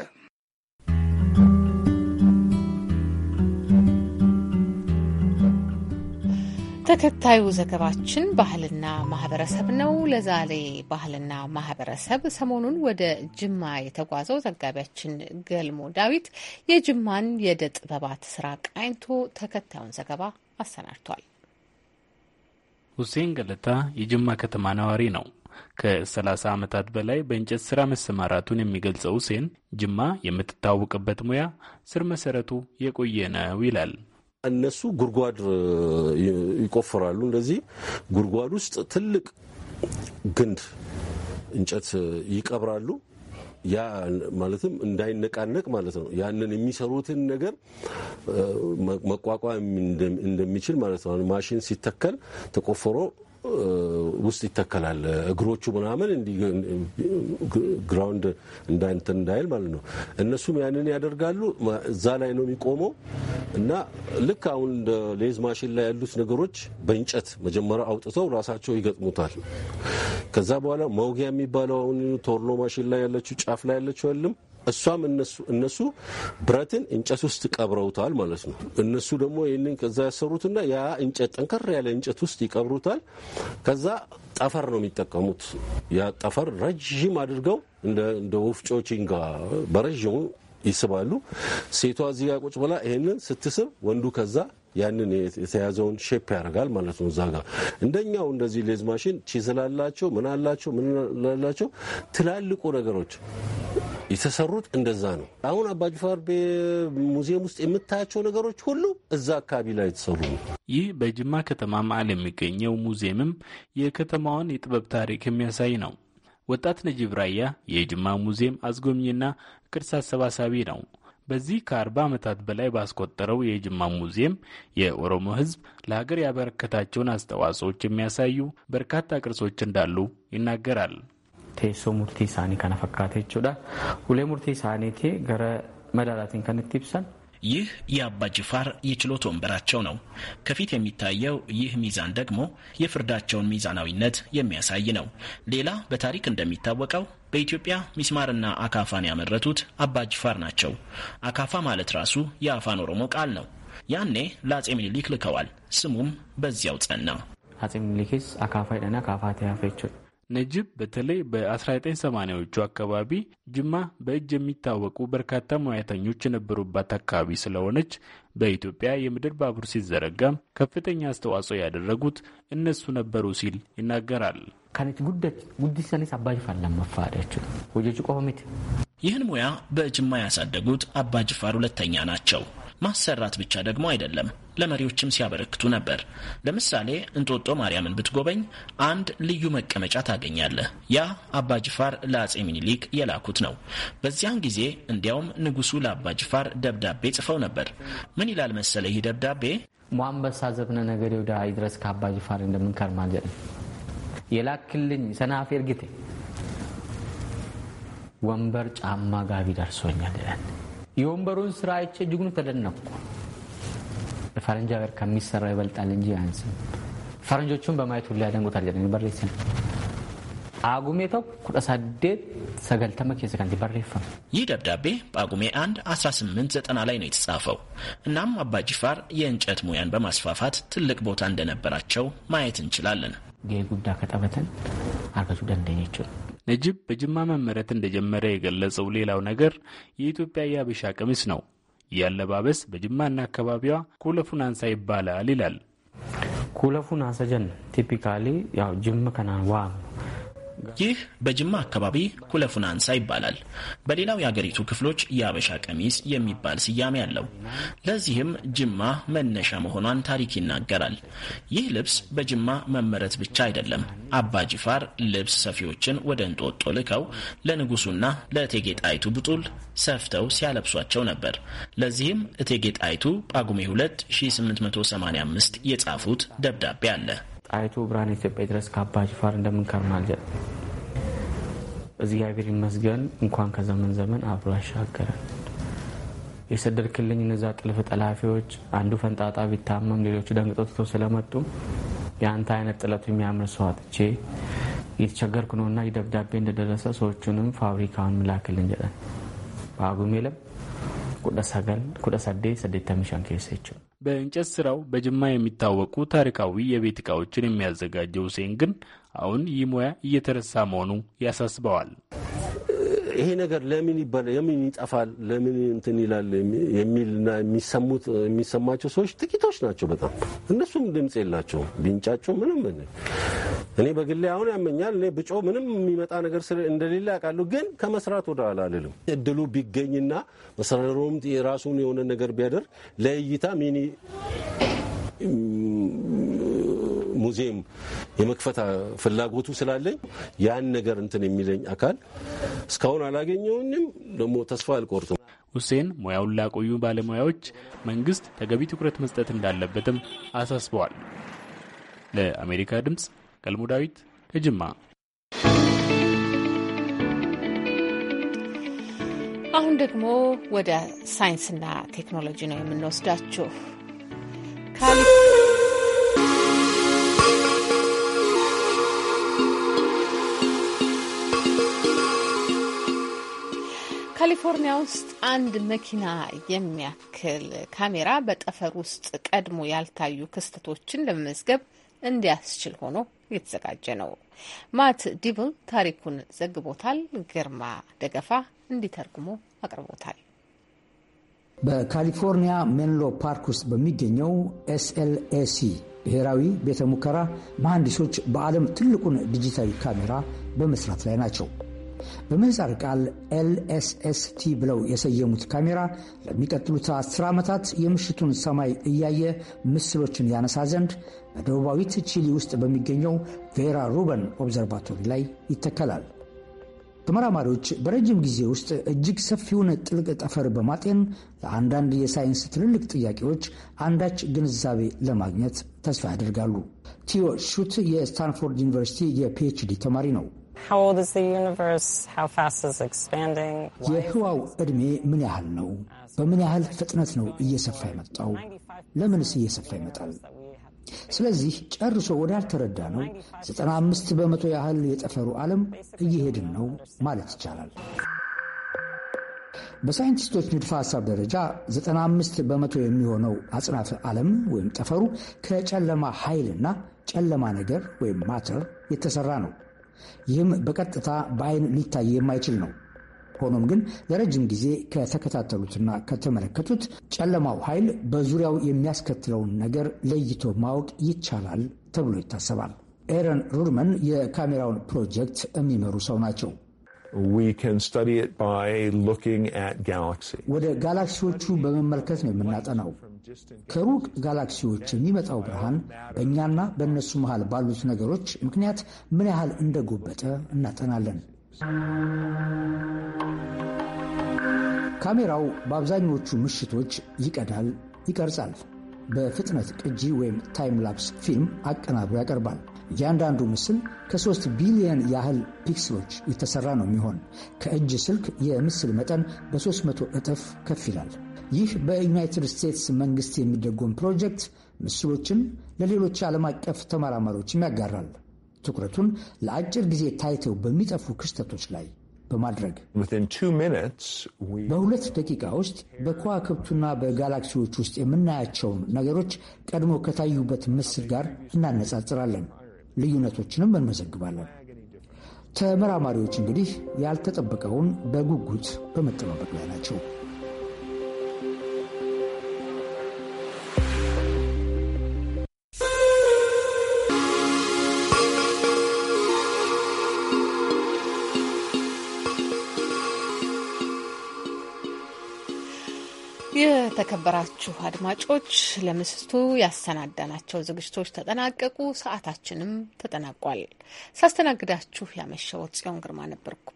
ተከታዩ ዘገባችን ባህልና ማህበረሰብ ነው። ለዛሬ ባህልና ማህበረሰብ ሰሞኑን ወደ ጅማ የተጓዘው ዘጋቢያችን ገልሞ ዳዊት የጅማን የእደ ጥበባት ስራ ቃኝቶ ተከታዩን ዘገባ አሰናድቷል። ሁሴን ገለታ የጅማ ከተማ ነዋሪ ነው። ከ30 ዓመታት በላይ በእንጨት ሥራ መሰማራቱን የሚገልጸው ሁሴን ጅማ የምትታወቅበት ሙያ ስር መሰረቱ የቆየ ነው ይላል። እነሱ ጉድጓድ ይቆፍራሉ። እንደዚህ ጉድጓድ ውስጥ ትልቅ ግንድ እንጨት ይቀብራሉ። ያ ማለትም እንዳይነቃነቅ ማለት ነው። ያንን የሚሰሩትን ነገር መቋቋም እንደሚችል ማለት ነው። ማሽን ሲተከል ተቆፍሮ ውስጥ ይተከላል። እግሮቹ ምናምን እንዲ ግራውንድ እንዳንትን እንዳይል ማለት ነው። እነሱም ያንን ያደርጋሉ። እዛ ላይ ነው የሚቆመው እና ልክ አሁን እንደ ሌዝ ማሽን ላይ ያሉት ነገሮች በእንጨት መጀመሪያ አውጥተው ራሳቸው ይገጥሙታል። ከዛ በኋላ መውጊያ የሚባለው አሁን ቶርኖ ማሽን ላይ ያለችው ጫፍ ላይ ያለችው ያለም እሷም እነሱ ብረትን እንጨት ውስጥ ቀብረውታል ማለት ነው። እነሱ ደግሞ ይህንን ከዛ ያሰሩትና ያ እንጨት ጠንከር ያለ እንጨት ውስጥ ይቀብሩታል። ከዛ ጠፈር ነው የሚጠቀሙት። ያ ጠፈር ረዥም አድርገው እንደ ወፍጮ ቺንጋ በረዥሙ ይስባሉ። ሴቷ እዚህ ጋ ቁጭ ብላ ይህንን ስትስብ ወንዱ ከዛ ያንን የተያዘውን ሼፕ ያደርጋል ማለት ነው። እዛ ጋር እንደኛው እንደዚህ ሌዝ ማሽን ቺዝላላቸው ምን አላቸው ምን ላላቸው ትላልቁ ነገሮች የተሰሩት እንደዛ ነው። አሁን አባጅፋር ሙዚየም ውስጥ የምታያቸው ነገሮች ሁሉ እዛ አካባቢ ላይ የተሰሩ ነው። ይህ በጅማ ከተማ መዓል የሚገኘው ሙዚየምም የከተማዋን የጥበብ ታሪክ የሚያሳይ ነው። ወጣት ነጂብ ራያ የጅማ ሙዚየም አስጎብኝና ቅርስ አሰባሳቢ ነው። በዚህ ከ40 ዓመታት በላይ ባስቆጠረው የጅማ ሙዚየም የኦሮሞ ሕዝብ ለሀገር ያበረከታቸውን አስተዋጽኦዎች የሚያሳዩ በርካታ ቅርሶች እንዳሉ ይናገራል። ቴሶ ሙርቲ ሳኒ ከነፈካቴ ሁሌ ሙርቲ ሳኒቴ ገረ መዳላትን ከንት ይብሰን ይህ የአባ ጅፋር የችሎት ወንበራቸው ነው። ከፊት የሚታየው ይህ ሚዛን ደግሞ የፍርዳቸውን ሚዛናዊነት የሚያሳይ ነው። ሌላ በታሪክ እንደሚታወቀው በኢትዮጵያ ሚስማርና አካፋን ያመረቱት አባ ጅፋር ናቸው። አካፋ ማለት ራሱ የአፋን ኦሮሞ ቃል ነው። ያኔ ለአጼ ምኒልክ ልከዋል። ስሙም በዚያው ጸና። አጼ ምኒልክስ አካፋ ይደና አካፋ ተያፈ ነጅብ በተለይ በ1980ዎቹ አካባቢ ጅማ በእጅ የሚታወቁ በርካታ ሙያተኞች የነበሩባት አካባቢ ስለሆነች በኢትዮጵያ የምድር ባቡር ሲዘረጋም ከፍተኛ አስተዋጽኦ ያደረጉት እነሱ ነበሩ ሲል ይናገራል። ይህን ሙያ በጅማ ያሳደጉት አባ ጅፋር ሁለተኛ ናቸው። ማሰራት ብቻ ደግሞ አይደለም፣ ለመሪዎችም ሲያበረክቱ ነበር። ለምሳሌ እንጦጦ ማርያምን ብትጎበኝ አንድ ልዩ መቀመጫ ታገኛለህ። ያ አባጅፋር ለአጼ ሚኒሊክ የላኩት ነው። በዚያን ጊዜ እንዲያውም ንጉሱ ለአባጅፋር ደብዳቤ ጽፈው ነበር። ምን ይላል መሰለ ይህ ደብዳቤ ሟንበሳ ዘብነ ነገሬ ወደ ድረስ ከአባጅፋር እንደምንከርማ የላክልኝ ሰናፌር እርግቴ ወንበር ጫማ ጋቢ ደርሶኛል ይላል የወንበሩን ስራ አይቼ እጅጉን ተደነኩ። በፈረንጅ ሀገር ከሚሰራው ይበልጣል እንጂ አያንስም። ፈረንጆቹን በማየት ሁሉ ያደንቁታል። አጉሜ ይህ ደብዳቤ በአጉሜ 1 1890 ላይ ነው የተጻፈው። እናም አባጅፋር የእንጨት ሙያን በማስፋፋት ትልቅ ቦታ እንደነበራቸው ማየት እንችላለን። ጌ ጉዳ ከጠበተን አርገቱ ደንደኞቹ ነጅብ በጅማ መመረት እንደጀመረ የገለጸው ሌላው ነገር የኢትዮጵያ የአበሻ ቀሚስ ነው። ያለባበስ በጅማና አካባቢዋ ኩለፉን አንሳ ይባላል ይላል። ኩለፉን ጀን ቲፒካሊ ያው ጅም ከናን ዋም ይህ በጅማ አካባቢ ኩለፉናንሳ ይባላል። በሌላው የአገሪቱ ክፍሎች የአበሻ ቀሚስ የሚባል ስያሜ አለው። ለዚህም ጅማ መነሻ መሆኗን ታሪክ ይናገራል። ይህ ልብስ በጅማ መመረት ብቻ አይደለም። አባ ጅፋር ልብስ ሰፊዎችን ወደ እንጦጦ ልከው ለንጉሱና ለእቴጌ ጣይቱ ብጡል ሰፍተው ሲያለብሷቸው ነበር። ለዚህም እቴጌ ጣይቱ ጳጉሜ 2 1885 የጻፉት ደብዳቤ አለ። ጣይቱ ብርሃን ኢትዮጵያ ድረስ ከአባ ጅፋር እንደምንከርማለን እግዚአብሔር ይመስገን። እንኳን ከዘመን ዘመን አብሮ ያሻገረን። የሰደድክልኝ እነዛ ጥልፍ ጠላፊዎች አንዱ ፈንጣጣ ቢታመም ሌሎቹ ደንግጠው ትቶ ስለመጡ የአንተ አይነት ጥለቱ የሚያምር ሰው አጥቼ የተቸገርኩ እና ደብዳቤ እንደደረሰ ሰዎቹንም ፋብሪካውን ምላክልን ጀለን በአጉሜለም ቁደሰገል ቁደሰዴ ሰዴተሚሻን ኬሴችው በእንጨት ስራው በጅማ የሚታወቁ ታሪካዊ የቤት እቃዎችን የሚያዘጋጀው ሁሴን ግን አሁን ይህ ሙያ እየተረሳ መሆኑ ያሳስበዋል። ይሄ ነገር ለምን ይባላል፣ ለምን ይጠፋል፣ ለምን እንትን ይላል የሚልና የሚሰሙት የሚሰማቸው ሰዎች ጥቂቶች ናቸው። በጣም እነሱም ድምፅ የላቸውም። ቢንጫጩ ምንም እኔ በግሌ አሁን ያመኛል። እኔ ብጮ ምንም የሚመጣ ነገር እንደሌለ ያውቃሉ ግን ከመስራት ወደ ኋላ አልልም። እድሉ ቢገኝና መሰረሮም የራሱን የሆነ ነገር ቢያደርግ ለእይታ ሚኒ ሙዚየም የመክፈት ፍላጎቱ ስላለኝ ያን ነገር እንትን የሚለኝ አካል እስካሁን አላገኘውንም። ደግሞ ተስፋ አልቆርጥም። ሁሴን ሙያውን ላቆዩ ባለሙያዎች መንግስት ተገቢ ትኩረት መስጠት እንዳለበትም አሳስበዋል። ለአሜሪካ ድምፅ ገልሞ ዳዊት ከጅማ። አሁን ደግሞ ወደ ሳይንስና ቴክኖሎጂ ነው የምንወስዳችሁ። ካሊፎርኒያ ውስጥ አንድ መኪና የሚያክል ካሜራ በጠፈር ውስጥ ቀድሞ ያልታዩ ክስተቶችን ለመመዝገብ እንዲያስችል ሆኖ የተዘጋጀ ነው። ማት ዲብል ታሪኩን ዘግቦታል። ግርማ ደገፋ እንዲተርጉሞ አቅርቦታል። በካሊፎርኒያ ሜንሎ ፓርክ ውስጥ በሚገኘው ኤስኤልኤሲ ብሔራዊ ቤተ ሙከራ መሐንዲሶች በዓለም ትልቁን ዲጂታል ካሜራ በመስራት ላይ ናቸው። በምህፃር ቃል ኤልኤስኤስቲ ብለው የሰየሙት ካሜራ ለሚቀጥሉት አስር ዓመታት የምሽቱን ሰማይ እያየ ምስሎችን ያነሳ ዘንድ በደቡባዊት ቺሊ ውስጥ በሚገኘው ቬራ ሩበን ኦብዘርቫቶሪ ላይ ይተከላል። ተመራማሪዎች በረጅም ጊዜ ውስጥ እጅግ ሰፊውን ጥልቅ ጠፈር በማጤን ለአንዳንድ የሳይንስ ትልልቅ ጥያቄዎች አንዳች ግንዛቤ ለማግኘት ተስፋ ያደርጋሉ። ቲዮ ሹት የስታንፎርድ ዩኒቨርሲቲ የፒኤችዲ ተማሪ ነው። የህዋው ዕድሜ ምን ያህል ነው? በምን ያህል ፍጥነት ነው እየሰፋ የመጣው? ለምንስ እየሰፋ ይመጣል? ስለዚህ ጨርሶ ወዳልተረዳ ነው 95 በመቶ ያህል የጠፈሩ ዓለም እየሄድን ነው ማለት ይቻላል። በሳይንቲስቶች ንድፈ ሐሳብ ደረጃ 95 በመቶ የሚሆነው አጽናፈ ዓለም ወይም ጠፈሩ ከጨለማ ኃይልና ጨለማ ነገር ወይም ማተር የተሰራ ነው። ይህም በቀጥታ በአይን ሊታይ የማይችል ነው። ሆኖም ግን ለረጅም ጊዜ ከተከታተሉትና ከተመለከቱት ጨለማው ኃይል በዙሪያው የሚያስከትለውን ነገር ለይቶ ማወቅ ይቻላል ተብሎ ይታሰባል። ኤረን ሩድመን የካሜራውን ፕሮጀክት የሚመሩ ሰው ናቸው። ወደ ጋላክሲዎቹ በመመልከት ነው የምናጠናው። ከሩቅ ጋላክሲዎች የሚመጣው ብርሃን በእኛና በእነሱ መሃል ባሉት ነገሮች ምክንያት ምን ያህል እንደጎበጠ እናጠናለን። ካሜራው በአብዛኞቹ ምሽቶች ይቀዳል፣ ይቀርጻል፣ በፍጥነት ቅጂ ወይም ታይምላፕስ ላፕስ ፊልም አቀናብሮ ያቀርባል። እያንዳንዱ ምስል ከሦስት ቢሊየን ያህል ፒክስሎች የተሠራ ነው የሚሆን ከእጅ ስልክ የምስል መጠን በ300 እጥፍ ከፍ ይላል። ይህ በዩናይትድ ስቴትስ መንግስት የሚደጎም ፕሮጀክት ምስሎችን ለሌሎች ዓለም አቀፍ ተመራማሪዎችም ያጋራል። ትኩረቱን ለአጭር ጊዜ ታይተው በሚጠፉ ክስተቶች ላይ በማድረግ በሁለት ደቂቃ ውስጥ በከዋክብቱና በጋላክሲዎች ውስጥ የምናያቸውን ነገሮች ቀድሞ ከታዩበት ምስል ጋር እናነጻጽራለን፣ ልዩነቶችንም እንመዘግባለን። ተመራማሪዎች እንግዲህ ያልተጠበቀውን በጉጉት በመጠባበቅ ላይ ናቸው። የተከበራችሁ አድማጮች ለምስቱ ያሰናዳናቸው ዝግጅቶች ተጠናቀቁ። ሰዓታችንም ተጠናቋል። ሳስተናግዳችሁ ያመሸሁት ጽዮን ግርማ ነበርኩ።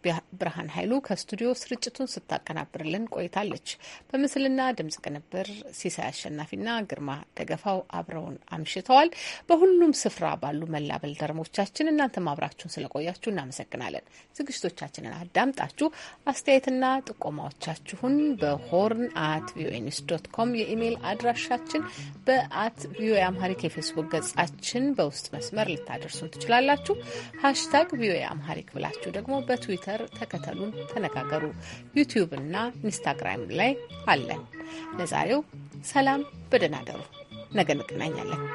ብርሃን ኃይሉ ከስቱዲዮ ስርጭቱን ስታቀናብርልን ቆይታለች። በምስልና ድምጽ ቅንብር ሲሳይ አሸናፊና ግርማ ደገፋው አብረውን አምሽተዋል። በሁሉም ስፍራ ባሉ መላ ባልደረቦቻችን እናንተም አብራችሁን ስለቆያችሁ እናመሰግናለን። ዝግጅቶቻችንን አዳምጣችሁ አስተያየትና ጥቆማዎቻችሁን በሆርን አት ቪኦኤ ኒውስ ዶት ኮም የኢሜይል አድራሻችን፣ በአት ቪኦኤ አምሃሪክ የፌስቡክ ገጻችን በውስጥ መስመር ልታደርሱን ትችላላችሁ። ሃሽታግ ቪኦኤ አምሃሪክ ብላችሁ ደግሞ በትዊተር ተከተሉን፣ ተነጋገሩ። ዩቲዩብ እና ኢንስታግራም ላይ አለን። ለዛሬው ሰላም፣ በደህና ደሩ። ነገ እንገናኛለን።